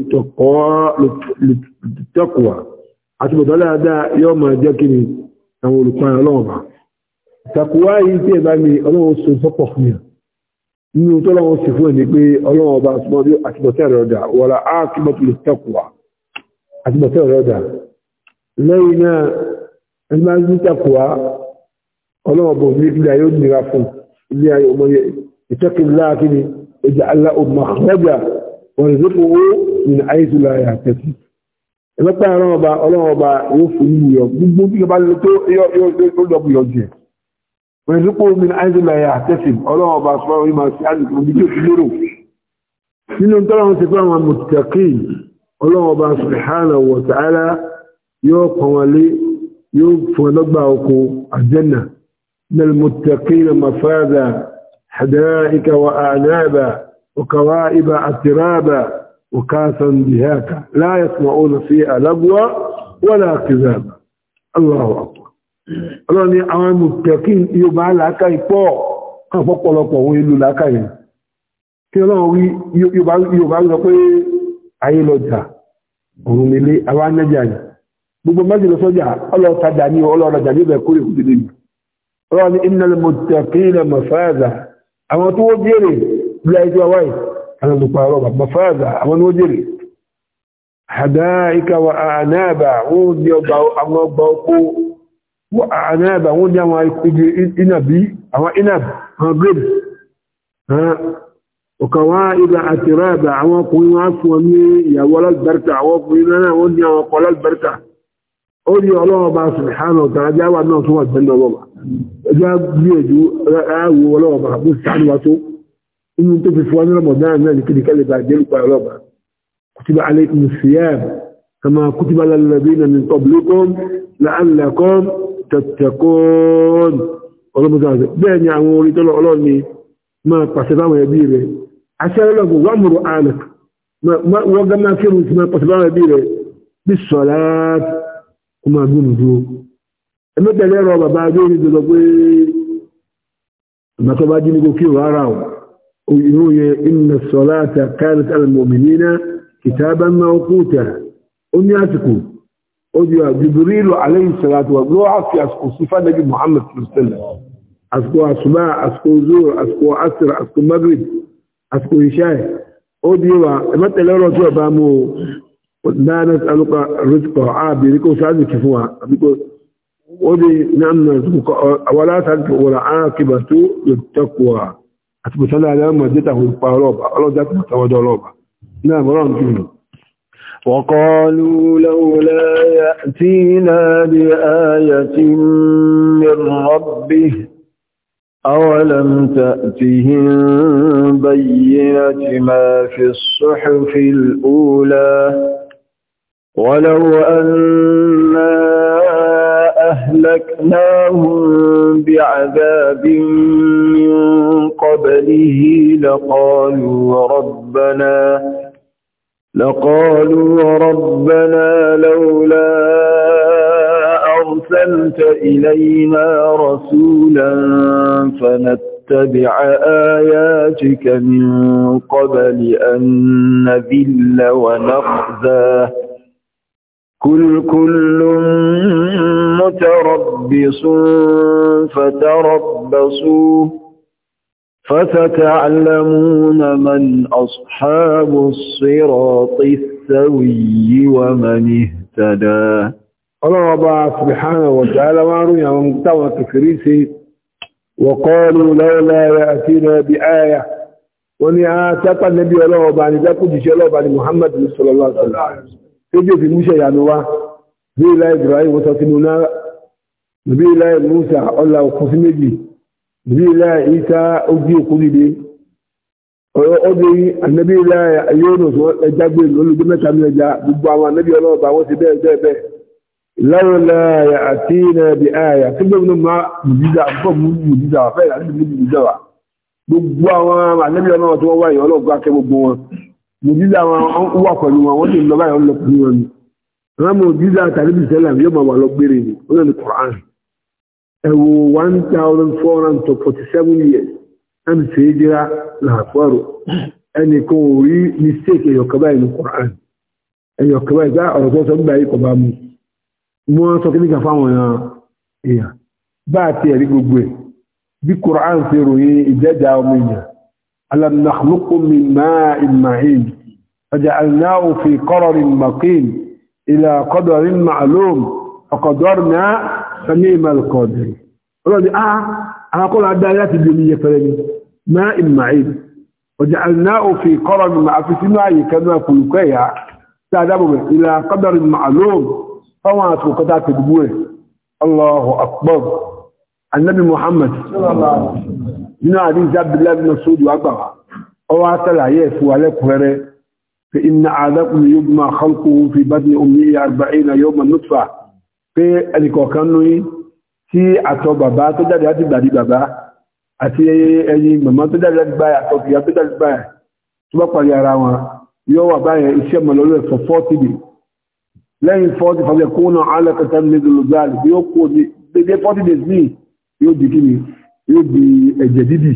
tẹ́kùwà àti bọ̀tọ́ dáadáa yóò máa jẹ́ kí ni àwọn olùkọ́ni ọlọ́ọ̀bà tẹ́kùwà yìí tí ẹ̀ bá mi ọlọ́wọ́ so sọ́pọ̀ fún yà nínú tó lọ́wọ́ sì fún ẹ̀ ní pé ọlọ́ọ̀bà àti bọ̀tọ́ rẹ̀ اتق الله كده اجعل له مخرجا من حيث لا يحتسب ẹlọpẹ ẹran ọba Ọlọ́run ọba yóò fún yìí yọ gbogbo bí ọba lè tó yọbù yọjẹ pẹ̀lúpọ omi àìsílẹ àtẹsìn Ọlọ́run ọba sọ orí máa ṣe àdìsí omi tí ó حدائك وأعنابا وكوائب أترابا وكاسا دهاكا لا يسمعون فيها لغوا ولا كذابا الله أكبر ọlọ́run ni àwọn mùtẹ̀kín yóò máa láàká ipọ́ kan fọ́pọ̀lọpọ̀ òun ìlú láàká yìí kí ọlọ́run rí yóò bá rọ pé ayé lọ́jà òun nílé àwọn anẹ́jà yìí gbogbo mẹ́jìlọ sọ́jà ọlọ́tajà ní ọlọ́rajà níbẹ̀ kórè kúrò níbi ọlọ́run ni innal mùtẹ̀kín mọ̀fáàzà àwọn tó wọ́n jèrè bí i ẹjọ́ wáyé àwọn olùpàrọ̀ bàbá fáàzà àwọn ni wọ́n jèrè hadaika wa àánáàbà wọ́n ní àwọn ọgbà ọkọ̀ wa àánáàbà wọ́n ní àwọn igi inàbí àwọn inab àwọn grape ọkà wá ibà àwọn ọkùnrin wọn fún wọn ní ìyàwó alágbàrta àwọn ọkùnrin náà wọ́n ní àwọn ọkọ̀ alágbàrta ó ní ọlọ́ọ̀bá sùnìhánà tàà bí àwọn náà tó wà pẹ̀lú ọlọ́ọ̀bá ẹjọ́ gbìyànjú ààwò ọlọ́ọ̀bá bó sáàdùwà tó inú tó fi fún ọlọ́ọ̀bá náà náà ní kéde kẹ́lẹ̀ bá jẹ́rù pa ọlọ́ọ̀bá kùtìbà alẹ́ musiyam kama kùtìbà lalabi na min tọ́bùlùkọ́n la'allakum tattaqun ọlọ́mọdé bẹ́ẹ̀ ni àwọn orí tọ́lọ ọlọ́ọ̀ni máa pàṣẹ báwọn kó máa gbóòmù dúró ẹgbẹ́ tẹ̀lé ẹ̀rọ bàbá adéyìn tó lọ pé bàbá tó bá jí ní kó kí òun ara ò inú yẹn inna salata kanat ala mu'minina kitaban mawquta ó ní àsìkò ó di Jibrilu alayhi salatu wa ló àfi àsìkò sí fàdàbí Muhammad sallallahu àsìkò àsùbá àsìkò zuhur àsìkò asr àsìkò maghrib àsìkò ìṣáì ó di wa ẹgbẹ́ tẹ̀lé ọ̀rọ̀ tó ọba mú o لا نسألك رزقا عابرك وسألك كفوها ودي نعم نرزقك ولا تلك والعاقبة للتقوى أثبت لها لما جته الفاروبة الله ذاك متودولوبة نعم رام كيلو وقالوا لولا يأتينا بآية من ربه أولم تأتهم بينة ما في الصحف الأولى ولو أنا أهلكناهم بعذاب من قبله لقالوا ربنا لقالوا ربنا لولا أرسلت إلينا رسولا فنتبع آياتك من قبل أن نذل ونخزاه كل كل متربص فتربصوا فستعلمون من أصحاب الصراط السوي ومن اهتدى الله رب سبحانه وتعالى وعنه ومتوى تكريسي وقالوا لولا يأتينا بآية ونعاتك النبي الله بعد ذلك جيش الله أبا محمد صلى الله عليه وسلم ebi òfin múṣẹ́ ìyanu wá bí ilá ibrahim sọ sínú náà bí ilá musa ọlá òkú sí méjì bí ilá isa ojú òkú dìde ọdún anabi ilá yónus ẹja gbé olùdó mẹ́ta ní ẹja gbogbo àwọn anabi ọlọ́ọ̀bà wọ́n ti bẹ́ẹ̀ bẹ́ẹ̀ bẹ́ẹ̀ lọ́wọ́lá àti nàbí àyà tí gbogbo ma mùjíjà fọ́ mùjíjà wà fẹ́ẹ̀ láti mùjíjà wà gbogbo àwọn anabi ọlọ́ọ̀ tí wọ́n wáyé ọlọ́ọ̀gbà kẹ́ gbogbo wọn mòjíza wọn wà pẹ̀lú wọn wọ́n ti lọ báyìí wọ́n lọ pẹ̀lú wọn ni àwọn mòjíza tàbí bìsẹ́là yóò máa wà lọ gbére ni ó lè ní Quran ẹ̀wò one thousand four hundred forty seven years ẹni fèé jira làkúrò ẹni kan rí mistake ẹ̀yọ̀kọ̀ báyìí ní Quran ẹ̀yọ̀kọ̀ báyìí gbá ọ̀rọ̀ tó sọ gbà yìí kò bá mu mo sọ kí ní ká fáwọn èèyàn bá a ti ẹ̀rí gbogbo ẹ̀ bí Quran ṣe ròyìn ìjẹ́jà ọmọ èèyàn ألم نخلقكم من ماء معين فجعلناه في قرر مقيم إلى قدر معلوم فقدرنا فنيم القدر رضي آه أنا أقول عدالات الدنيا فلني ماء معين وجعلناه في قرر في سماء كما كلكيا تعلموا إلى قدر معلوم فما تقدر تدبوه الله أكبر النبي محمد صلى الله عليه وسلم nínú àdíjá bíláàbí náà sódù agbàwà ọwọ́ àtàlàyé ẹ̀fún alẹ́kùnrẹ́rẹ́ pé iná àdákùn yóò máa kọ́lùkù fi bá ní omi àgbàáyìnà yóò mọ̀ nútfà pé ẹnìkọ̀ọ̀kan ní tí àtọ̀ bàbá tó jáde láti gbàdí bàbá àti ẹyin màmá tó jáde láti gbáyà àtọ̀ ìyá tó jáde gbáyà tó bá parí ara wọn yóò wà báyẹn iṣẹ́ mọ̀lọ́lọ́ ẹ̀fọ́ fọ́ọ̀tì lẹ́yìn fọ́ọ̀tì fàlẹ́ kóná yóò kó ni yóò di ẹ̀jẹ̀ dídì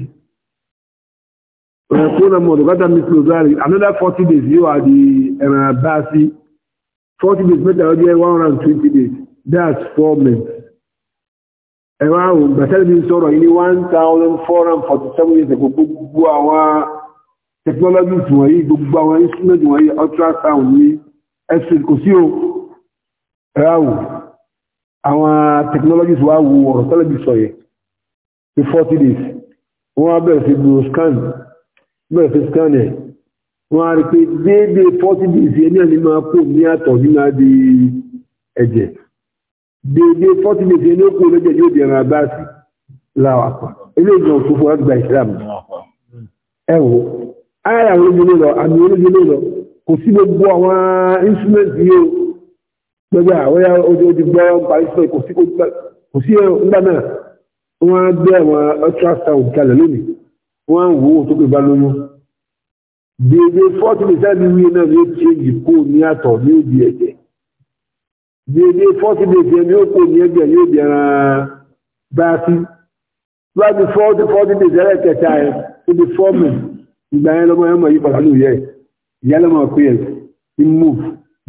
ẹ̀kúnà mọ̀lùkátà mr ozari another forty days yóò wá di ẹ̀ràn bá sí forty days mẹ́ta ọjọ́ one hundred and twenty days that's four months ẹ̀rọ àrùn gbàtẹ́lẹ̀ bí sọ̀rọ̀ yìí ní one thousand four hundred forty seven years ago gbogbo àwọn technology wọ̀nyí gbogbo àwọn instruments wọ̀nyí ultrasound ní x-ray kò sí o ẹ̀rọ àrùn àwọn technologies wà wù ọ̀rọ̀ tẹ́lẹ̀ bí sọ yẹn sí forty days wọ́n á bẹ̀rẹ̀ sí gbòòrò scan bẹ̀rẹ̀ sí scan ẹ̀ wọ́n á rí pé déédéé forty days ẹni àní máa kó ní àtọ̀ ní máa di ẹ̀jẹ̀ déédéé forty days ẹni ó kó lẹ́jẹ̀ yóò di ẹran abáàsì láwà pa eléyìí náà tó fún gba Islam ẹ wò ayé àwọn olóyè lọ àmì olóyè lọ kò sí gbogbo àwọn instrument yìí o gbogbo àwọn ojú ojú gbọ́ parí sọ kò sí ẹ̀rọ nígbà náà wọ́n á gbé àwọn ultrasound kalẹ̀ lónìí wọ́n á wò ó tó pé bá lóyún déédéé fọ́tí lè sáà ní wíyé náà ni ó ti èyí kó ní àtọ̀ ní òbí ẹ̀jẹ̀ déédéé fọ́tí lè fi ẹni ó kó ní ẹgbẹ̀ ní òbí ẹran bá sí láti fọ́tí fọ́tí lè sẹ́rẹ̀ kẹta ẹ̀ tó di fọ́ọ̀mù ìgbà yẹn lọ́mọ yẹn mọ̀ yí padà lóye ìyá lọ́mọ pé ẹ̀ ń mú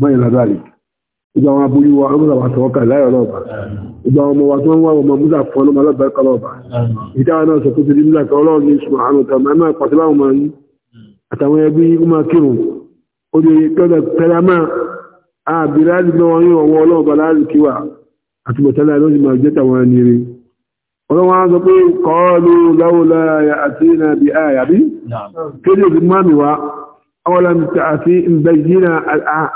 bọ́yìn lọ́dọ̀ àlejò ìgbà àwọn abúlé wa ọmọdé wa tọwọ́ kàlá ẹ̀rọ ọba ìgbà àwọn ọmọ wa tó ń wá ọmọ múlá fún ọlọ́mọ alábẹ́ẹ̀kọ́ ọba ìdáwà náà sọ fún ti nílá kan ọlọ́run ní sùn àrùn tàbí ẹ̀mọ́ pàtó láwọn ọmọ yìí àtàwọn ẹbí ọmọ kírun ó lè tọ́lẹ̀ tẹ́lámà àbí láti gbọ́ àti bọ̀tẹ́lá ló sì máa jẹ́ tàwọn awalam tààfi ìbẹ̀yìnà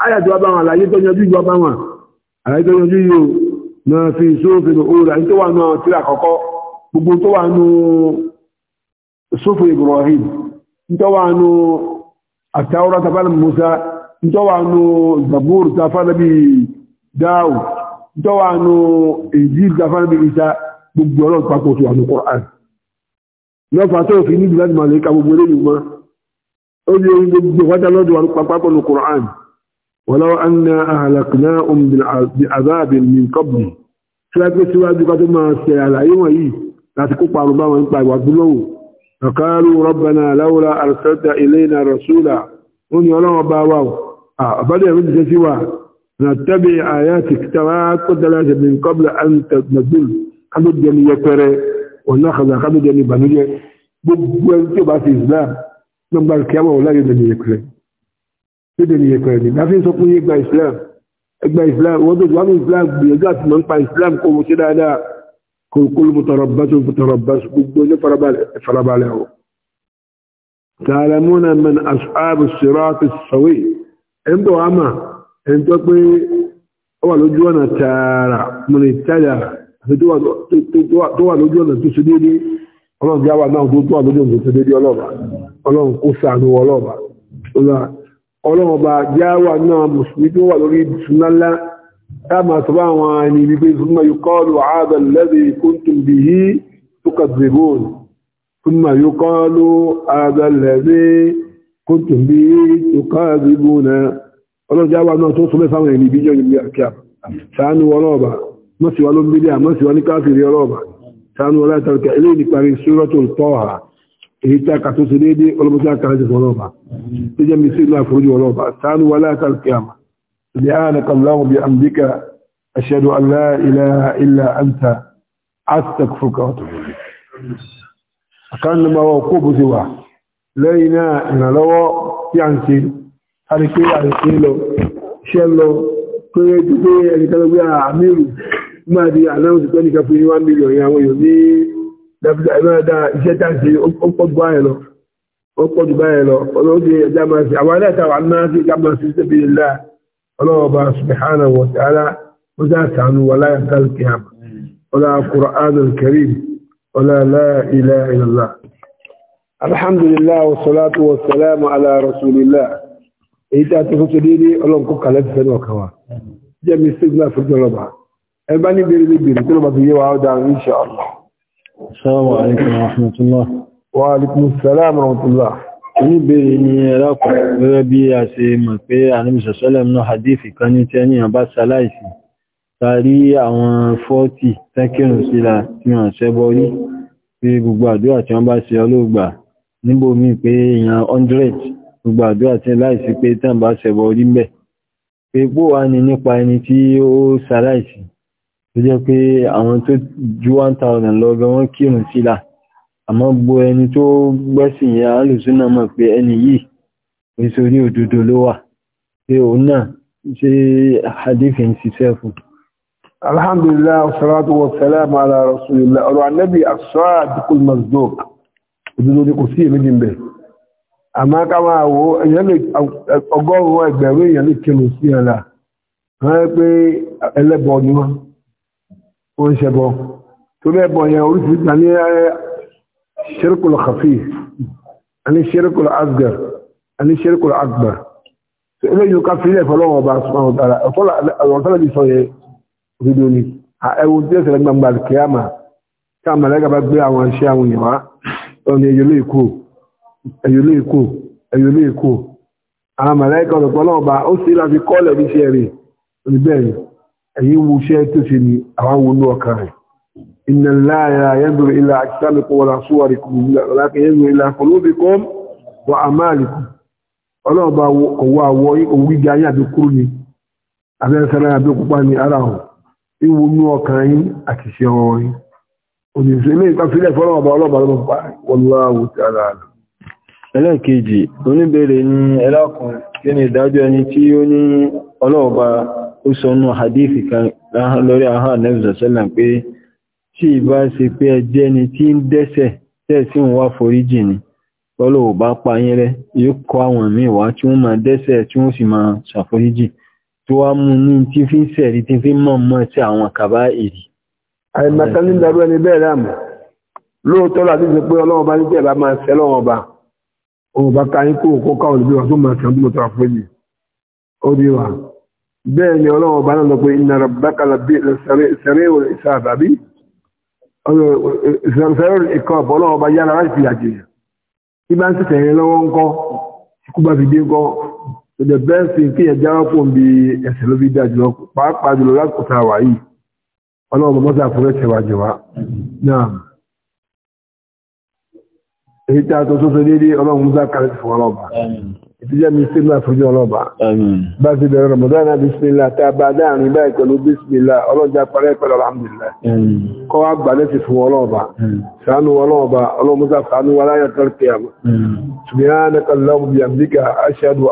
àyàjọ bá wọn àlàyé tó yanjú yọ bá wọn àlàyé tó yanjú yóò na fi sófin òòrà tó wà náà tí àkọ́kọ́ gbogbo tó wà nù sófin Ibrahim tó wà nù àtàwọ́rọ̀ tafàlà Musa tó wà nù Zabur tafàlà bí dáwù tó wà nù Injil tafàlà bí Isa gbogbo ọlọ́pàá kò tó wà nù Kọ́rán lọ́fà tó fi níbi láti màlẹ́ka gbogbo eléyìí mọ́ أولي ودلد والقطاطل القرآن ولو أنا أهلكناهم بعذاب من قبل سواء سواء قد ما سيالا يومي لا تكوب عربا وانطا وابلو فقالوا ربنا لولا أرسلت إلينا رسولا هم يولون باواو أفضل من سوا نتبع آياتك تواك ودلاجة من قبل أن تنزل قد جني يكره ونخذ قد جني بنجي بقوة تبعث إسلام gbogbo alùkìyàmọ̀ wọ́n láyé lẹ́nu yẹpẹrẹ lẹ́nu yẹpẹrẹ ni láfi sọ fún yé gba islam ẹgbà islam wọ́n tó wà ní islam gbìyànjú àti mọ̀ nípa islam kó mo ṣe dáadáa kó kó ló mo tọrọ bá tó mo tọrọ bá tó gbogbo ní farabalẹ̀ o. tààlàmúnà mẹ́n aṣáàbù sirati sawi ẹ̀ ń bọ̀ wá mà ẹ̀ ń tọ́ pé ó wà lójú ọ̀nà tààrà mọ̀nì tààrà tó wà lójú ọ̀nà tó ọlọ́run jáwà náà tó tó àlójò tó tó dédé ọlọ́ba ọlọ́run kó sàánú ọlọ́ba ọlọ́run ọba jáwà náà mùsùlùmí tó wà lórí sunálá táàmà tó bá àwọn ẹni wípé súnmọ̀ yíkọ́ọ̀lù àádọ́ lẹ́bí kúntùm bí i túkà zèbóòn súnmọ̀ yíkọ́ọ̀lù àádọ́ lẹ́bí kúntùm ọlọ́run jáwà náà tó كانوا لا ترك إليه كان سورة طه هي تاكا تسديدي ولمسا كرجة ولوبا تجمع سيدنا فرج ولوبا كانوا ولا ترك سبحانك اللهم بأمدك أشهد أن لا إله إلا أنت أستغفرك وأتوب إليك كان ما وقوف سواه لينا إن لو ينسي أركي أركي له شلو كل يجي أركي له يا أمير máa di àlẹ́hùn sí pẹ́nìkan fún one million yẹn àwọn èèyàn ní dáadáa iṣẹ́ táǹsì ó pọ̀ jù báyẹn lọ ó pọ̀ jù báyẹn lọ ọlọ́run ti ẹja máa ṣe àwọn aláìta wà náà sí ká máa ṣe sẹ́bi ńlá ọlọ́run ọba subhanahu wa ta'ala ó dá sànù wà láyà kálukì hàm ọlá Qur'an al-Karim ọlá ẹgbá ní bèèrè bèèrè tí ó bá ti yé wa ó dáa insha Allah. Assalamu alaikum warahmatullah. Wa alaikum assalam warahmatullah. Ní bèèrè ni ẹlákùn rẹ̀ bí a ṣe mọ̀ pé àníbìsọ̀ sọ́lẹ̀m náà hadithi kan ní tẹ́ ní àbá sàláìsì. Tàrí àwọn fọ́tì tẹ́kìrùn síra tí wọ́n ṣẹ́bọ rí pé gbogbo àdúrà tí wọ́n bá ṣe ọlọ́gbà níbo mi pé èèyàn 100 gbogbo àdúrà tí láìsí pé tẹ́ bá ṣẹbọ rí mbẹ̀. Pé pò wá ní nípa ẹni tí ó sàláìsì tó jẹ́ pé àwọn tó ju 1000 lọ gan wọ́n kírun sílà àmọ́ gbọ́ ẹni tó gbẹ́sìn yẹn alùsúnà mọ̀ pé ẹni yìí oríṣiríṣi òdodo ló wà pé òun náà ṣe hadith ń ṣiṣẹ́ fún alhamdulillah wasalatu wasalam ala rasulillah ọ̀rọ̀ annabi as-sadiqul masduq òdodo ni kò sí èméjì ń bẹ àmọ́ ká máa wo ọgọ́rùn-ún ẹgbẹ̀rún èèyàn lè kírun sí ẹ̀la wọ́n pé ẹlẹ́bọ ni wọ́n ó ń ṣẹbọ tó bẹ́ẹ̀ bọ̀ yẹn oríṣiríṣi àní ṣirkul khafif àní ṣirkul asgar àní ṣirkul akbar tó ilé yóò ká fílẹ̀ fọlọ́wọ́ ọba subhanahu wa ta'ala ọ̀rọ̀ tọ́lá bí sọ yẹn òdodo ni ẹwù tí ó ṣẹlẹ̀ gbangba kíámà ká màlẹ́gà bá gbé àwọn iṣẹ́ àwọn èèyàn wá ọ̀nà ẹ̀yọ́ lè kú ẹ̀yọ́ lè kú ẹ̀yọ́ lè kú àwọn màlẹ́gà ọ̀dọ̀pọ̀ náà ọba ó sì láti kọ́lẹ̀ bí iṣẹ́ rẹ̀ òní bẹ́ẹ̀ ni ẹ̀yìn wo iṣẹ́ tó ni àwọn wọnú ọkàn rẹ̀ inna Allaha yanzuru ila ajsamikum wala suwarikum walakin yanzuru ila qulubikum wa a'malikum ọlọ́run bá ọwọ́ àwọ̀ òwú gíga yín àbí kúrú ni abẹ́sẹ̀lá àbí ni ara ọkàn àti ọwọ́ òdìsí ilé ìpàfilẹ̀ fọ́lọ́wọ́ bá lọ́wọ́ ni ìdájọ́ ẹni tí ó ní ó sọnú hadithi kan lórí àhá nẹ́bùsọ̀sọ́là pé tí ìbá ṣe pé ẹjẹ́ ni tí ń dẹ́sẹ̀ tẹ́ẹ̀sí ń wá foríjì ni pọ́lọ̀ ò bá pa yín rẹ́ yóò kọ àwọn míì wá tí wọ́n máa dẹ́sẹ̀ tí wọ́n sì máa ṣàforíjì tó wá mú ní tí fi ń sẹ̀rí tí fi mọ̀ mọ́ sí àwọn kàbá ìrì. àìmọ̀kan ní darú ẹni bẹ́ẹ̀ láàmú lóòótọ́ máa ṣẹ́ lọ́wọ́ ọba òun bá ka ó bí wa bẹ́ẹ̀ ni ọlọ́wọ́ bá náà lọ pé iná rabbaka sẹ́rẹ́wò ìsáàbà bí sẹ́rẹ́wò ìkọ́ ọlọ́wọ́ bá yára láti fi àjèyàn tí bá ń sì tẹ̀yìn lọ́wọ́ ń kọ́ ikú bá fi dé kọ́ the best thing kí ẹja wọ́n fún bí ẹsẹ̀ ló fi dá jùlọ pàápàá jùlọ lásìkò tá a wà yìí ọlọ́wọ́ bá mọ́sà fún ẹ̀ṣẹ̀ wa jẹ̀wá náà èyí tí a tó tó sọ déédéé ọlọ́run mú ìtìjẹ́ mi sí máa fojú ọlọ́ba. bá ti bẹ̀rẹ̀ rọ̀mọ̀dánà bísímìlá tá a bá dáàrin báyìí pẹ̀lú bísímìlá ọlọ́jà parẹ́ pẹ̀lú alhamdulillah kọ́ wá gbà lẹ́sì fún ọlọ́ba sànú ọlọ́ba ọlọ́mọdá sànú wa láyà tọ́lẹ̀kẹ́ àmọ́ subhanaka allahumma bihamdika ashhadu